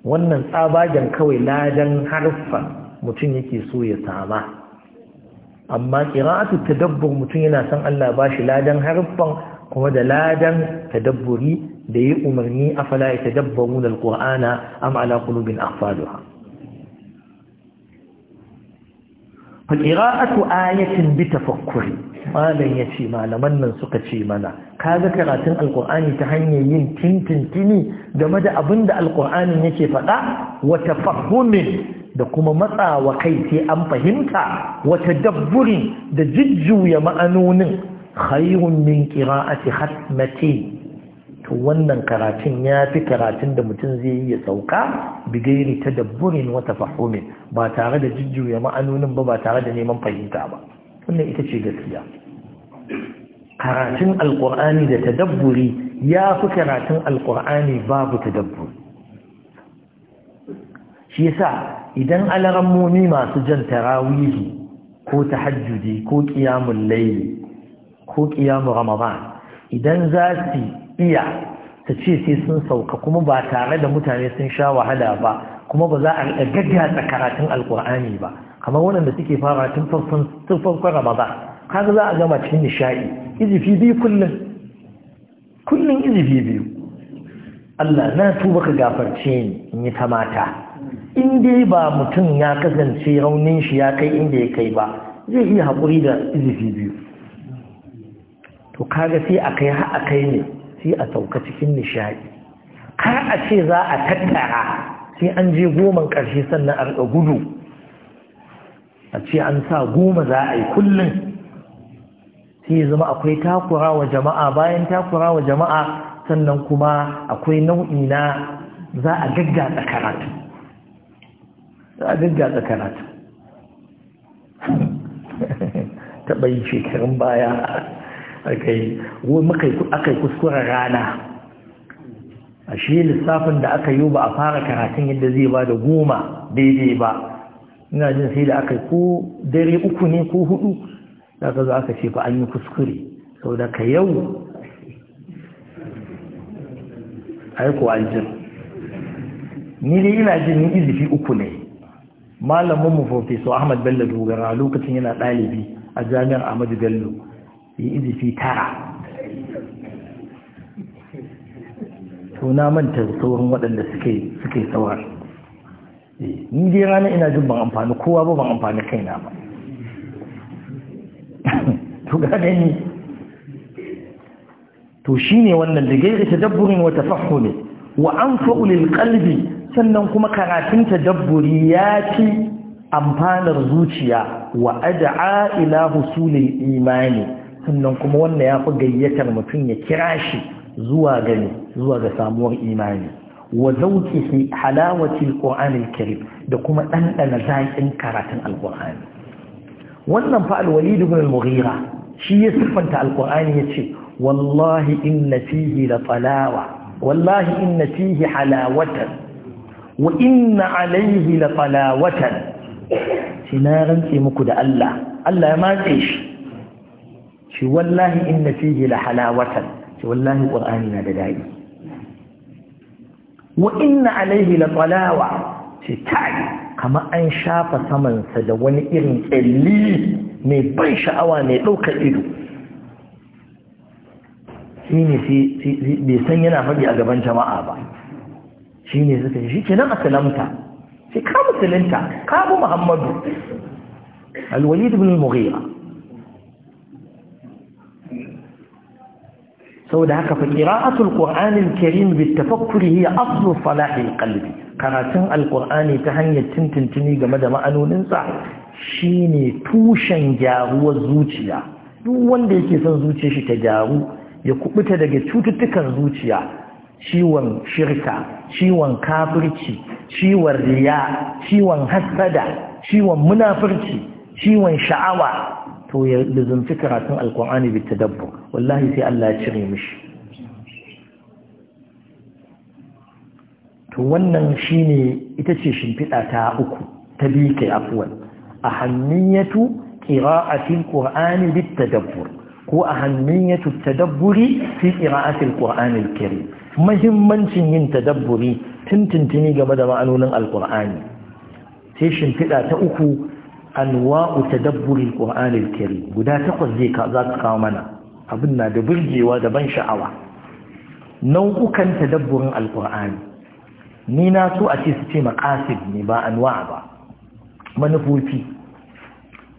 wannan tsabagen kawai ladan harfa mutum yake so ya sama amma kira'atu tadabbur mutum yana son Allah ba shi ladan harfan kuma da ladan tadabburi da yi umarni afala ya tadabbaruna alqur'ana am a qulubin aqfaluha fa qira'atu ayatin bi tafakkuri ya yace malaman nan suka ce mana kaga karatun alqur'ani ta hanyar yin tintintini game da abinda alqur'anin yake faɗa Wata tafahhumin da kuma matsawa kai sai an fahimta Wata tadabburin da jujjuya ma'anonin khayrun min qira'ati hatmatin wannan karatun ya fi karatun da mutum zai yi ya sauka bigairi ta dabburin wata fahimin ba tare da jujjuya ma'anonin ba ba tare da neman fahimta ba wannan ita ce gaskiya karatun alkur'ani da tadabburi ya fi karatun alkur'ani babu ta shi yasa idan alarammomi masu jan tarawihi ko tahajjudi ko qiyamul layli ko ƙiyamu ramadan idan za su iya ta ce sai sun sauka kuma ba tare da mutane sun sha wahala ba kuma ba za a ta karatun alkur'ani ba kamar waɗanda suke fara tun farkon ramadan kaga za a gama cikin nishaɗi izifi biyu kullum kullum izifi biyu Allah na tuba ka gafarce ni in yi ta mata in dai ba mutum ya kasance raunin shi ya kai inda ya kai ba zai iya haƙuri da izifi biyu to kaga sai a kai ha a kai ne sai a sauka cikin nishadi kar a ce za a tattara sai an je goman karshe sannan a rika gudu a ce an sa goma za a yi kullum sai ya zama akwai takura wa jama'a bayan takura wa jama'a sannan kuma akwai nau'i na za a gaggata karatu za a gaggata karatu taɓa yi shekarun baya Akai kuskura kuskuren rana a shi lissafin da aka yi ba a fara karatun yadda zai ba da goma daidai ba ina jin sai da aka ko dare uku ne ko hudu da ka zo aka ce fa an yi kuskure sau da ka yau aiko aljin ni dai ina jin ni izifi uku ne malamin mu so ahmad bello dogara lokacin yana ɗalibi a jami'ar ahmadu bello yi izi fi tara to na manta sauran waɗanda suke suke sawar ni dai rana ina jin ban amfani kowa ba ban amfani kaina ba to ga ni to shine wannan da gairi wata wa ne wa anfa'u lil qalbi sannan kuma karatun dabburi ya ci amfanar zuciya wa ad'a ila husulil imani sannan kuma wannan ya fi gayyatar mutum ya kira shi zuwa gani zuwa ga samuwar imani wa zauƙihi halawati alqur'ani alkarim da kuma ɗanɗana zaƙin karatun alqur'ani wannan fa alwalid ibn al shi ya siffanta alqur'ani yace wallahi inna fihi la falawa, wallahi inna fihi halawatan wa inna alayhi la falawatan. sinaran ce muku da Allah Allah ya matse shi shi wallahi inna fihi la halawatan shi wallahi qur'ani na da dadi wa inna alaihi la talawa shi tai kama an shafa saman sa da wani irin tsalli mai ban sha'awa mai ɗaukar ido shine shi bai san yana faɗi a gaban jama'a ba shine suka shi kenan asalamta sai ka musulunta ka bi muhammadu alwalid ibn al-mughira saboda haka fa qira'atul qur'anil karim bitafakkuri hiya aslu salahil qalbi karatun alqur'ani ta hanyar tintintini game da ma'anoninsa shine tushen gyaruwar zuciya duk wanda yake son zuciyar shi ta gyaru ya kubuta daga cututtukan zuciya ciwon shirka ciwon kafirci ciwon riya ciwon hasada ciwon munafirci ciwon sha'awa to ya lizumci karatun alkur'ani bi tadabbur wallahi sai Allah ya cire mishi to wannan shine ita ce shimfiɗa ta uku ta bi kai afwan ahammiyatu qira'atil qur'ani bit tadabbur ko ahammiyatu tadabburi fi qira'atil qur'anil karim muhimmancin yin tadabburi tuntuntuni game da ma'anonin alkur'ani sai shimfiɗa ta uku anwa'u tadabburil qur'anil karim guda takwas zai ka za ka kawo mana abin na da burgewa da ban sha'awa nau'ukan tadabburin alqur'ani ni na so a ce su ce maqasid ne ba anwa'a ba manufofi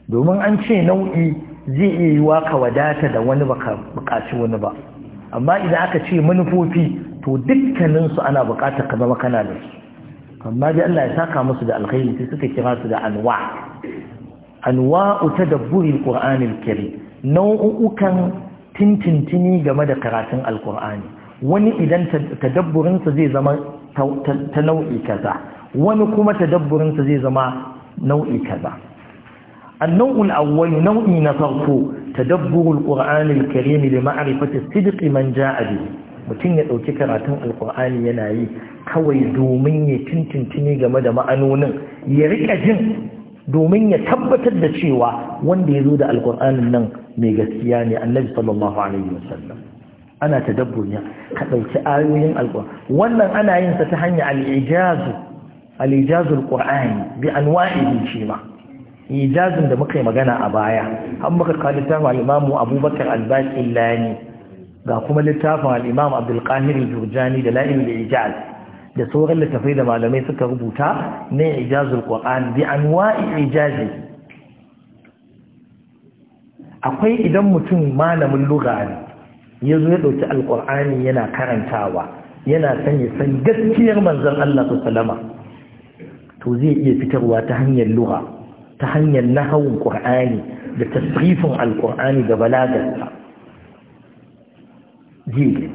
domin an ce nau'i zai iya yi ka wadata da wani baka bukaci wani ba amma idan aka ce manufofi to dukkaninsu ana bukatar ka zama kana da su amma dai Allah ya saka musu da alkhairi sai suka kira su da anwa anwa'u tadabburi alqur'ani alkarim nau'ukan tintintini game da karatun alqur'ani wani idan tadabburin sa zai zama ta nau'i kaza wani kuma tadabburin sa zai zama nau'i kaza النوع الأول نوع نفرق تدبر القرآن الكريم لمعرفة الصدق من a به mutum ya ɗauki karatun alkur'ani yana yi kawai domin ya tintintini game da ma'anonin ya rika jin domin ya tabbatar da cewa wanda ya zo da alkur'anin nan mai gaskiya ne annabi sallallahu alaihi wasallam ana tadabburiya ka ɗauki ayoyin Alƙur'ani. wannan ana yin sa ta hanyar al'ijazu al'ijazul qur'ani bi ce ma ijazin da muka yi magana a baya an muka kalita wa imamu abubakar Lani. ga kuma littafin al'imam abdulkahir jurjani da la'in da ijaz da sauran littafai da malamai suka rubuta na ijazul ƙwa'an bi an wa'i ijazi akwai idan mutum malamin lura ya zo ya ɗauki alƙwa'ani yana karantawa yana son ya san gaskiyar manzan Allah su salama to zai iya fitarwa ta hanyar lura ta hanyar nahawun ƙwa'ani da tasrifin alƙwa'ani da balagarsa ji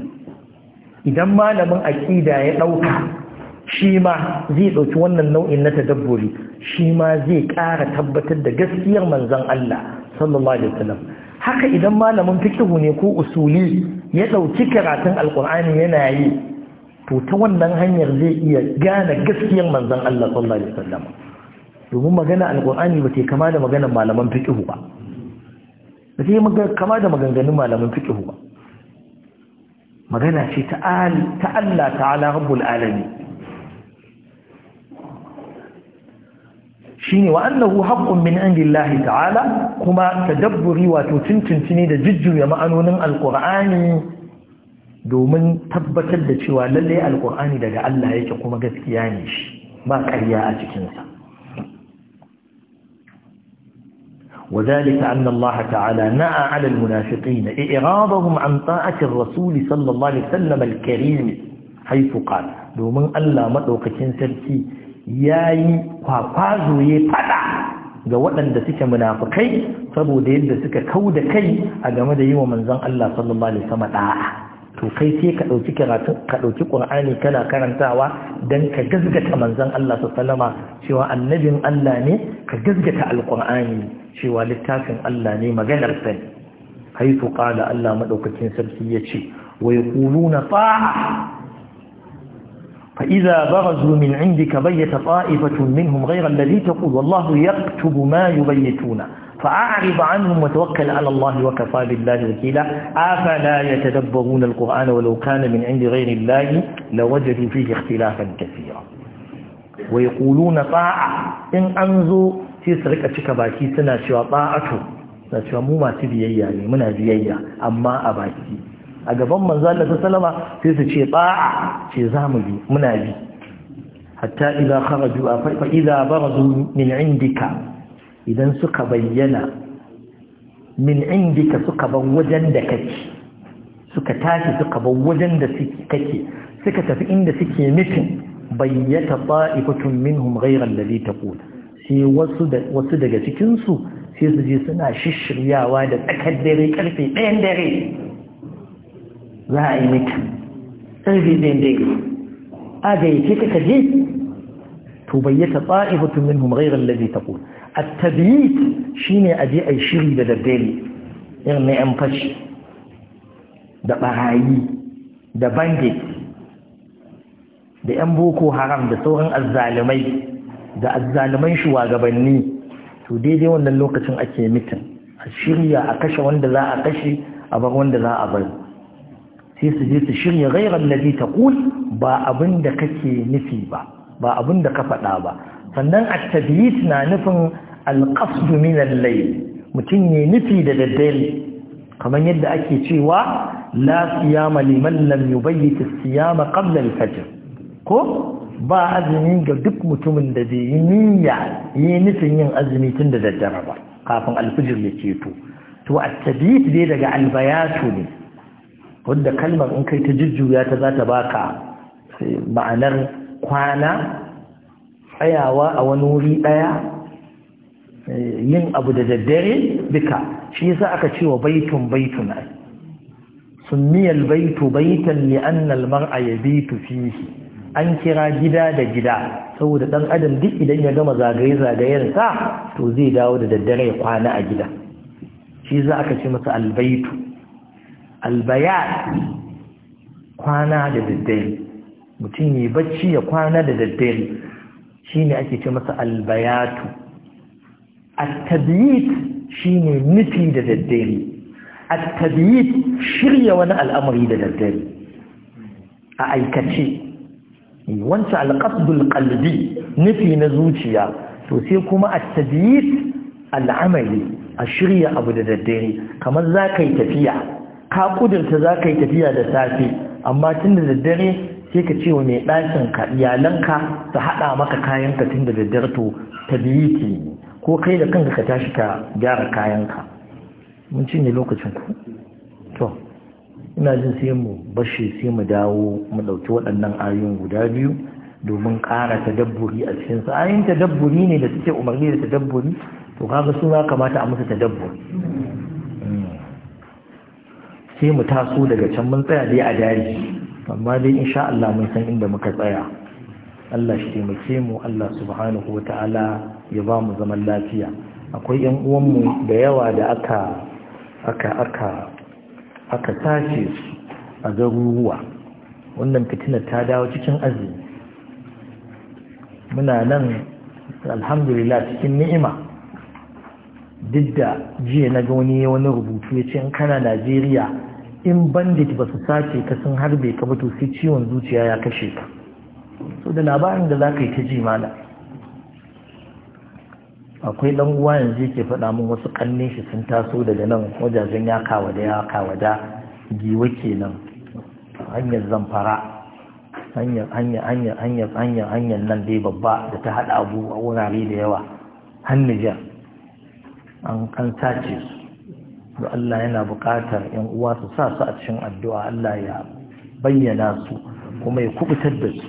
idan malamin aƙida ya ɗauka shi ma zai ɗauki wannan nau'in na tadabburi shi ma zai ƙara tabbatar da gaskiyar manzon Allah sallallahu alaihi wasallam haka idan malamin fiqhu ne ko usuli ya ɗauki karatun alqur'ani yana yi to ta wannan hanyar zai iya gane gaskiyar manzon Allah sallallahu alaihi wasallam domin magana alqur'ani ba ta kama da maganar malaman fiqhu ba ba ta kama da maganganun malaman fiqhu ba magana ce ta Allah ta'ala rabbul alami shine wa annahu haqqun min indillahi ta'ala kuma tadabburi wato tuntuntuni da jujjuya ma'anonin alqur'ani domin tabbatar da cewa lallai alqur'ani daga Allah yake kuma gaskiya ne shi ba ƙarya a cikinsa. وذلك أن الله تعالى نعى على المنافقين إعراضهم عن طاعة الرسول صلى الله عليه وسلم الكريم حيث قال دومن ألا مدوقتين سلسي yayi kwafazo ya faɗa ga waɗanda suke munafukai saboda yadda suka kau da kai a game da yi wa manzon Allah sallallahu alaihi to kai sai ka ɗauki karatu ka ɗauki ƙur'ani kana karantawa don ka gazgata manzon Allah sallama cewa annabin Allah ne ka gazgata alƙur'ani cewa littafin Allah ne maganar sa haitu qala Allah madaukakin sarki yace wa yaquluna ta'a fa ka barazu min indika bayyata ta'ifatun minhum ghayra alladhi taqul wallahu yaktubu ma yubayituna فأعرض عنهم وتوكل على الله وكفى بالله وكيلا أفلا يتدبرون القرآن ولو كان من عند غير الله لوجدوا فيه اختلافا كثيرا ويقولون طاعة إن أنزوا في سرقة شكباكي سنة شوى طاعته سنة شوى مو ما تبيئيا يعني منها بيئيا أما أباكي أقبان من ذلك سلمة في سنة طاعة شي زامبي منها بي حتى إذا خرجوا فإذا برزوا من عندك idan suka bayyana min indika suka ban wajen da kake suka tashi suka ban wajen da kake suka tafi inda suke nufin bayyata ta'ifatun minhum ghayra alladhi taqul sai wasu da wasu daga cikin su sai su je suna shishiryawa da tsakar dare karfe ɗayan dare za a yi miki karfe ɗayan dare a gayyace ka je to bayyata ta'ifatun minhum ghayra alladhi taqul a yi shiri da شري دا na 'yan fashi, da ɓarayi, da bandit da 'yan boko haram da sauran azzalumai da azzaluman shugabanni to daidai wannan lokacin ake mitin a shirya a kashe wanda za a kashe a bar wanda za a bar sai su je su shirya gairar da zai taƙul ba abin da kake nufi ba ba abin da ka faɗa ba sannan at na nufin al-qasd min mutum ne nufi da daddare kamar yadda ake cewa la siyama liman lam yubayyit as-siyama qabla al-fajr ko ba azumi ga duk mutumin da bai yi niyya yi nufin yin azumi tun da daddare ba kafin alfijir ya ceto to at-tabiit dai daga albayatu ne wanda kalmar in kai ta jujjuya ta za ta baka ma'anar kwana tsayawa a wani wuri ɗaya eh, yin abu da daddare duka shi yasa aka ce wa baitun baitun baitu baitan البيت بيتا لأن المرء يبيت فيه an kira gida da gida saboda dan adam duk idan ya gama zagaye zagayen sa to zai dawo da daddare ya kwana a gida shi za aka ce masa albaitu albaya kwana da daddare mutum yi bacci ya kwana da daddare shine ake ce masa albayatu at-tabyit shine nufi da daddare at-tabyit shirya wani al'amari da daddare a aikace wanda al-qasdul qalbi nufi na zuciya to sai kuma at-tabyit al'amali a shirya abu da daddare kamar za ka yi tafiya ka kudurta za ka yi tafiya da safe amma tun da daddare sai ka ce wa mai ɗakin ka iyalanka su haɗa maka kayan ka tun da daddare to ta ne, ko kai da kanka ka tashi ka gyara kayan ka mun ne lokacin ku to ina jin sai mu bashi sai mu dawo mu ɗauki waɗannan ayoyin guda biyu domin ƙara tadabburi a cikin su ayoyin tadabburi ne da suke umarni da tadabburi to kaga su ya kamata a musu tadabburi hmm. sai mu taso daga can mun tsaya dai a daji amma dai insha Allah mun san inda muka tsaya Allah shi taimake mu Allah subhanahu wa ta'ala ya ba mu zaman lafiya akwai yan uwanmu da yawa da aka aka aka aka tashi a garuruwa wannan fitina ta dawo cikin azumi muna nan alhamdulillah cikin ni'ima duk da jiya na ga wani wani rubutu ya ce in kana Najeriya in bandit ba su sace ka sun harbe ka to sai ciwon zuciya ya kashe ka so da labarin da za ka yi ta ji mala akwai ɗan uwa yanzu yake faɗa min wasu kanne shi sun taso daga nan wajajen ya kawa ya kawa giwa kenan hanyar zamfara hanyar hanyar nan dai babba da ta haɗa abu a wurare da yawa har Nijar an kan sace su to Allah yana buƙatar ‘yan uwa su sa su a cikin addu'a Allah ya bayyana su kuma ya kubutar da su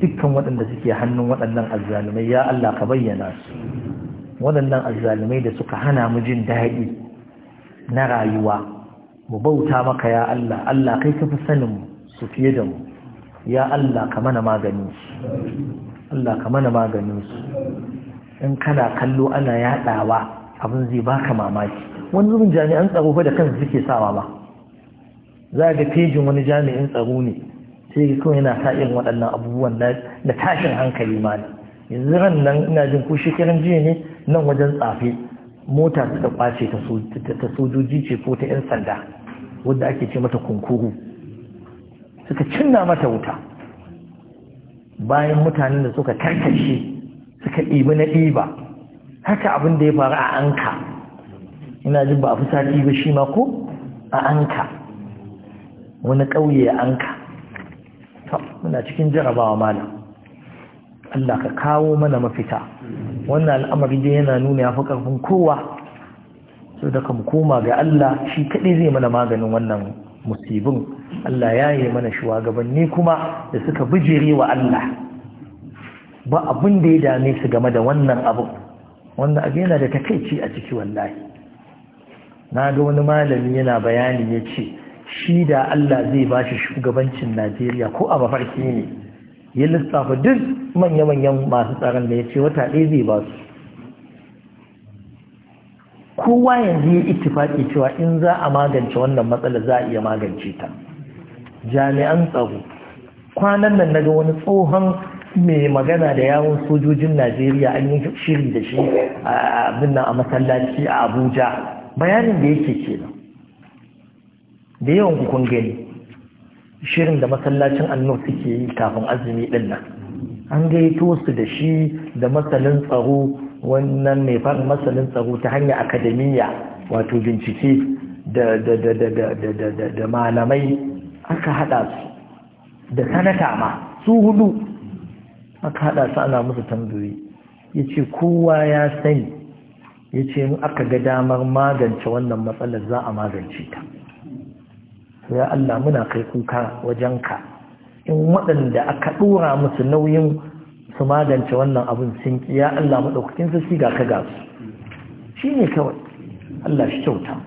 dukkan waɗanda suke hannun waɗannan azzalumai ya Allah ka bayyana su waɗannan azzalumai da suka hana mu jin daɗi na rayuwa mu bauta maka ya Allah Allah kai ka fi sanin su fiye da mu ya Allah ka mana maganin su Allah ka mana maganin su in kana kallo ana yaɗawa abin zai baka mamaki wani zubin jami'an tsaro fa da kansu suke sawa ba za ga fejin wani jami'in tsaro ne sai kawai yana sa irin waɗannan abubuwan na tashin hankali ma ne yanzu ran nan ina jin ko shekaran jiya ne nan wajen tsafe mota ta kwace ta sojoji ce ko ta 'yan sanda wadda ake ce mata kunkuru suka cinna mata wuta bayan mutanen da suka karkashe suka ɗibi na ɗiba haka abin da ya faru a anka ina jin ba a fi sati ba shi ma ko a anka wani ƙauye a anka ta muna cikin jarabawa malam Allah ka kawo mana mafita wannan al'amari dai yana nuna ya fi ƙarfin kowa so da mu koma ga Allah shi kaɗai zai mana maganin wannan musibin Allah ya yi mana shugabanni kuma da suka bijire wa Allah ba abin da ya dame su game da wannan abin wanda abu yana da takaici a ciki wallahi na ga wani malami yana bayani ya ce shi da Allah zai ba shi shugabancin Najeriya ko a mafarki ne ya lissafa duk manya-manyan masu tsaron da ya ce wata ɗaya zai ba su kowa yanzu ya faɗi cewa in za a magance wannan matsala za a iya magance ta jami'an tsaro kwanan nan na ga wani tsohon mai magana da yawon sojojin najeriya an yi shiri da shi a nan a masallaci a abuja bayanin da yake kenan da yawan kukun gani shirin da masallacin annur suke yi kafin azumi din nan an gaito su da shi da masalin tsaro wannan mai faɗin masalin tsaro ta hanyar akademiya wato bincike da malamai aka haɗa su da sanata ma su hudu aka haɗa su ana musu tambayoyi ya ce kowa ya sani ya ce in aka ga damar magance wannan matsalar za a magance ta ya Allah muna kai kuka wajenka in waɗanda aka ɗora musu nauyin su magance wannan abun sun ya Allah maɗaukakin sassi ga ka gasu shi ne kawai Allah shi kyauta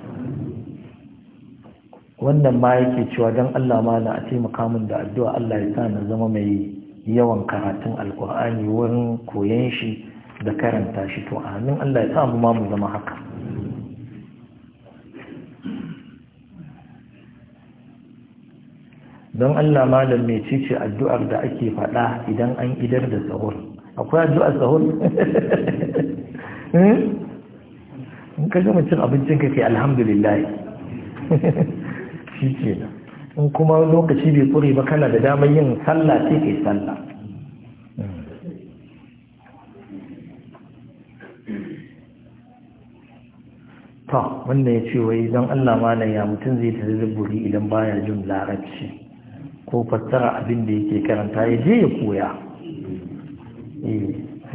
wannan ma yake cewa don Allah ma na a taimaka min da addu'a Allah ya sa na zama mai yawan karatun alkur'ani wurin koyon shi da karanta shi to amin Allah ya samu ma mu zama haka don Allah malam mai ce addu'ar da ake faɗa idan an idar da sahur akwai addu'ar sahur hmm? in ka mutum cin abincin ka ke alhamdulillah shi ke nan in kuma lokaci bai kure ba kana da damar yin sallah sai ke sallah Ta wanda ya ce wai don Allah malam ya mutum zai tadabburi idan baya jin larabci ko fassara abin da yake karanta ya je ya koya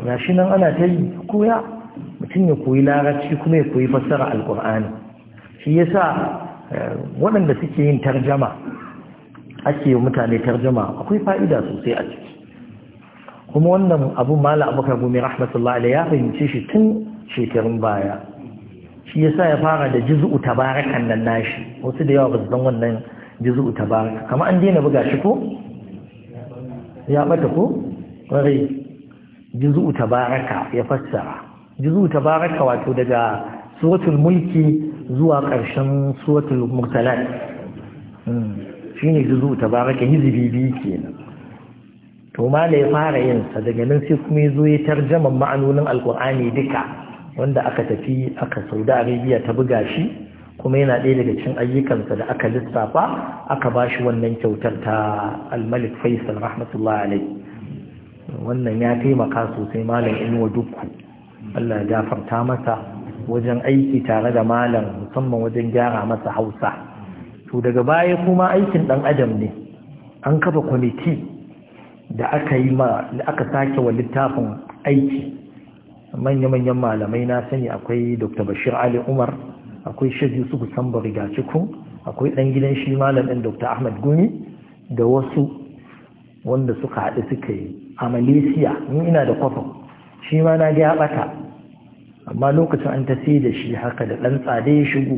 Ya eh, shi nan ana ta yi koya mutum ya koyi larabci kuma ya koyi fassara alkur'ani shi ya sa. waɗanda suke yin tarjama ake mutane tarjama akwai fa'ida sosai a ciki kuma wannan abu mala abokan gumi rahmatullahi da ya fahimce shi tun shekarun baya shi ya sa ya fara da jizu'u tabarakan nan nashi wasu da yawa ba su wannan jizu'u tabaraka kama an daina buga shi ko ya bata ko ƙwarai jizu'u tabaraka ya fassara jizu'u tabaraka wato daga suratul mulki zuwa ƙarshen suwatul murtalat hmm. shi ne zuzu ta baraka hizibi biyu kenan to ma ya fara yin sa daga nan sai kuma ya zo ya tarjama ma'anonin alkur'ani duka wanda aka tafi aka sauda arabiya ta buga shi kuma yana ɗaya daga cikin ayyukansa da aka lissafa aka ba shi wannan kyautar ta almalik faisal rahmatullah alai wannan ya taimaka sosai malam inuwa dukku allah ya gafarta masa wajen aiki tare da malam musamman wajen gyara masa hausa to daga baya kuma aikin ɗan adam ne an kafa kwamiti da aka yi ma da aka sake wa littafin aiki manya-manyan malamai na sani akwai dr bashir ali umar akwai shaji yusuf riga cikin akwai ɗan gidan shi malamin dr ahmad gumi da wasu wanda suka haɗu suka yi a malaysia In ina da kwafin shi ma na ga ya ɓata amma lokacin an ta sai da shi haka da ɗan tsada ya shigo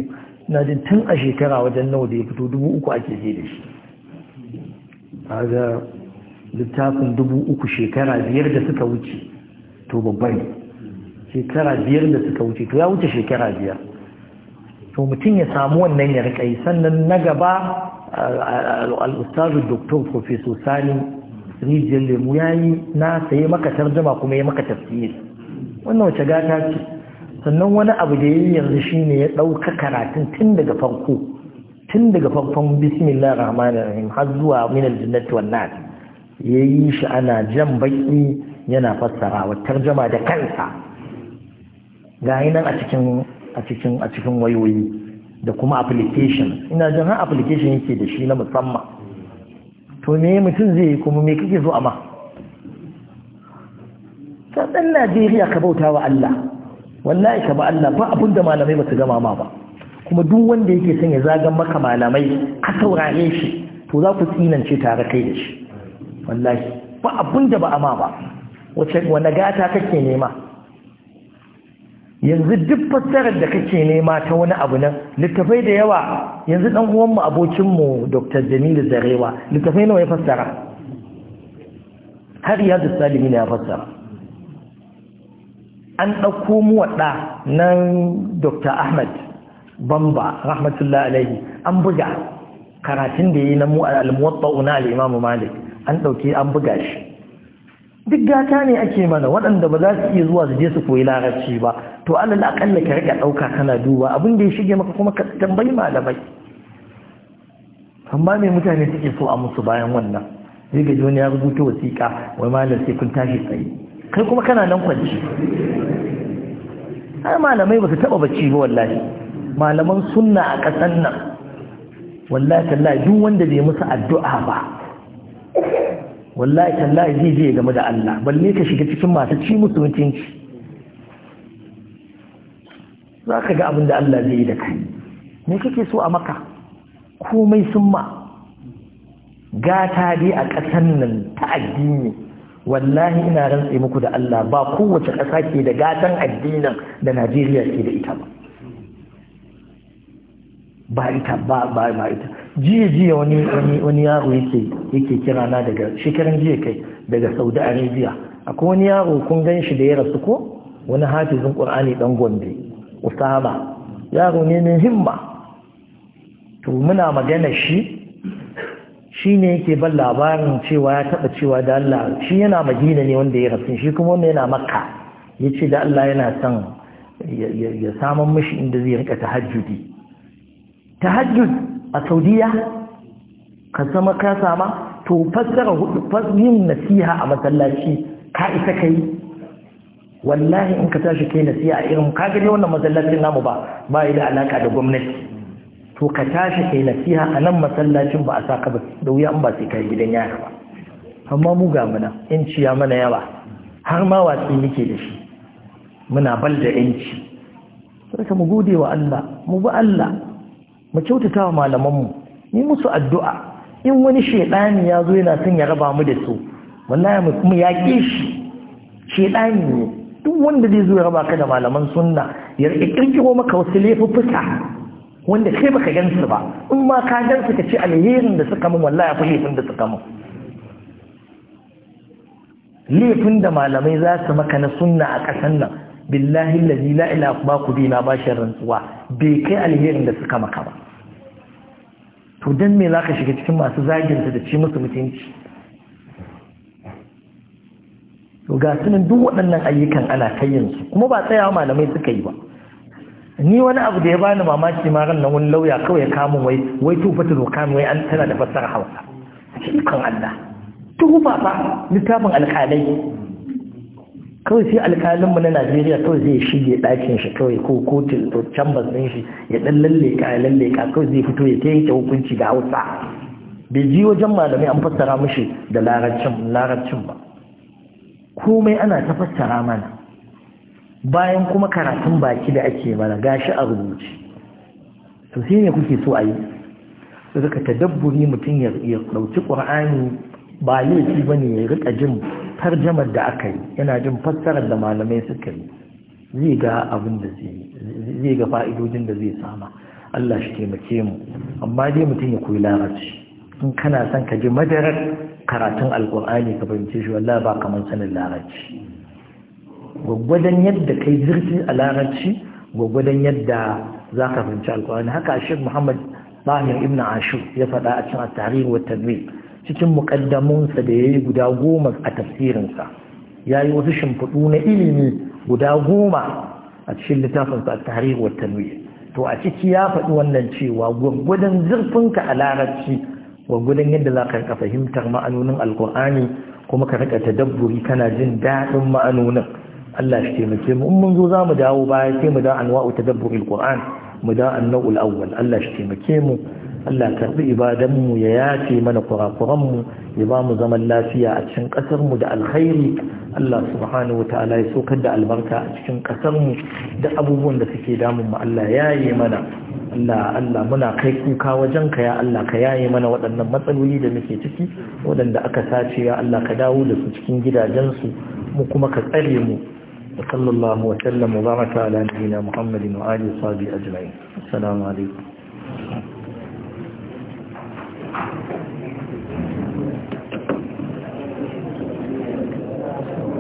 na jin tun a shekara wajen nawa da ya fito dubu uku ake sai da shi ga littafin dubu uku shekara biyar da suka wuce to babba ne shekara biyar da suka wuce to ya wuce shekara biyar to mutum ya samu wannan ya rika yi sannan na gaba al'ustazu doktor professor sani rijiyar lemu ya yi na saye maka tarjama kuma ya maka tafsiri wannan wace gata ce sannan wani abu da yayi yanzu shine ya dauka karatun tun daga farko tun daga farkon bismillah rahman rahim har zuwa min aljannati wan nar yayi shi ana jan baki yana fassara wa tarjuma da kansa ga nan a cikin a cikin a cikin wayoyi da kuma application ina jin har application yake da shi na musamman to me mutum zai yi kuma me kake so amma sannan Najeriya ka bauta wa Allah wallahi ka ba Allah ba abin da malamai ba su gama ma ba kuma duk wanda yake son ya zagan maka malamai ka saurare shi to za ku tsinance tare kai da shi wallahi ba abin da ba a ma ba wace wanda gata kake nema yanzu duk fassarar da kake nema ta wani abu nan littafai da yawa yanzu dan uwanmu abokinmu Dr. Jamilu Zarewa littafai nawa ya fassara har yanzu salimi ne ya fassara an ɗauko mu waɗa nan dr ahmad bamba rahmatullah alaihi an buga karatun da yi na al'almuwatta na al'imamu malik an ɗauke an buga shi duk gata ne ake mana waɗanda ba za su iya zuwa su je su koyi larabci ba to alal aƙalla ka riƙa ɗauka kana duba abin da ya shige maka kuma ka tambayi malamai amma me mutane suke so a musu bayan wannan zai ga duniya ya rubuta wasiƙa wai malam sai kun tashi tsaye kai kuma kana nan kwanci ai malamai ba su taba bacci ba wallahi malaman sunna a kasan nan wallahi tallahi duk wanda bai musu addu'a ba wallahi tallahi zai je game da Allah balle ka shiga cikin masu ci musu mutunci za ka ga abin da Allah zai yi da kai me kake so a maka komai sun ma gata dai a ƙasan nan ta addini wallahi ina rantsi muku da Allah ba kowace ƙasa ke da gatan addinin da Najeriya ke da ita ba ba ita ba ba ba ita jiya jiya wani wani wani yaro yake yake kira na daga shekaran jiya kai daga Saudi Arabia akwai wani yaro kun gan shi da ya rasu ko wani hafizin Qur'ani dan Gombe Usama yaro ne mai himma to muna magana shi shi ne yake ban labarin cewa ya taɓa cewa da Allah shi yana madina ne wanda ya rasu shi kuma wanda yana makka ya ce da Allah yana son ya samun mashi inda zai rika ta hajjud a saudiya ka sama ka sama to fassara hudu yin nasiha a masallaci ka isa kai wallahi in ka tashi kai nasiha a irin ka gani wannan masallacin namu ba ba yi da alaka da gwamnati to ka tashi kai nasiha a nan masallacin ba a sa ka da wuya an ba sai kai gidan yara ba amma mu ga muna inci ya mana yawa har ma watsi muke da shi muna bal da yanci sai mu gode wa Allah mu bi Allah mu kyautata wa malaman mu yi musu addu'a in wani shedani ya zo yana son ya raba mu da su wallahi mu ki shi shedani ne duk wanda zai zo ya raba ka da malaman sunna ya kirkiro maka wasu lefuffuka wanda kai baka gansu ba in ma ka gansu ka ce alherin da suka mun wallahi fa laifin da suka mun. laifin da malamai za su maka na sunna a ƙasan nan billahi allazi la ilaha illa ku bi na bashin rantsuwa bai kai alherin da suka maka ba to dan me zaka shiga cikin masu zagin su da ci musu mutunci to ga sunan duk waɗannan ayyukan ana ta kuma ba tsayawa malamai suka yi ba ni wani abu da ya bani mamaki ma ran nan wani lauya kawai ya kama wai wai zo wai tana da fassara Hausa kan Allah tufa fa littafin alkalai kawai sai alkalin mu na Najeriya kawai zai shige dakin shi kawai ko kotun to chambers din shi ya dan lalle ka ya lalle ka kawai zai fito ya yanke hukunci da Hausa bai ji wajen malamai an fassara mishi da larabcin larabcin ba komai ana ta fassara mana bayan kuma karatun baki da ake mana gashi a rubuce to shi ne kuke so a yi suka tadabburi mutum ya ɗauki ƙur'ani ba laifi ba ne ya riƙa jin tarjamar da aka yi yana jin fassarar da malamai suka yi zai ga abin da zai zai ga fa'idodin da zai sama Allah shi taimake mu amma dai mutum ya koyi larabci in kana son ka ji madarar karatun alƙur'ani ka fahimce shi wallahi ba kamar sanin larabci gwaggwadon yadda kai zurfi a larabci gwaggwadon yadda za ka fahimci alkur'ani haka shi muhammad bahir ibn ashu ya faɗa a cikin tarihi wa tanwi cikin muƙaddamunsa da ya yi guda goma a tafsirinsa ya yi wasu shimfiɗu na ilimi guda goma a cikin littafinsa a tarihi wa tanwi to a ciki ya faɗi wannan cewa gwaggwadon zurfinka a larabci gwaggwadon yadda za ka rika fahimtar ma'anonin alkur'ani kuma ka rika tadabburi kana jin daɗin ma'anonin Allah shi taimake mu in mun zo za mu dawo baya sai mu da anwa'u tadabburil qur'an mu da anna'ul awwal Allah shi taimake mu Allah karbi ibadan mu ya yace mana kurakuran mu ya ba mu zaman lafiya a cikin kasar mu da alkhairi Allah subhanahu ta'ala ya sokar da albarka a cikin kasar mu da abubuwan da suke damun mu Allah yaye mana Allah Allah muna kai kuka wajen ka ya Allah ka yaye mana waɗannan matsaloli da muke ciki waɗanda aka sace ya Allah ka dawo da su cikin gidajen su mu kuma ka tsare mu وصلى الله وسلم وبارك على نبينا محمد وآل وصحبه أجمعين السلام عليكم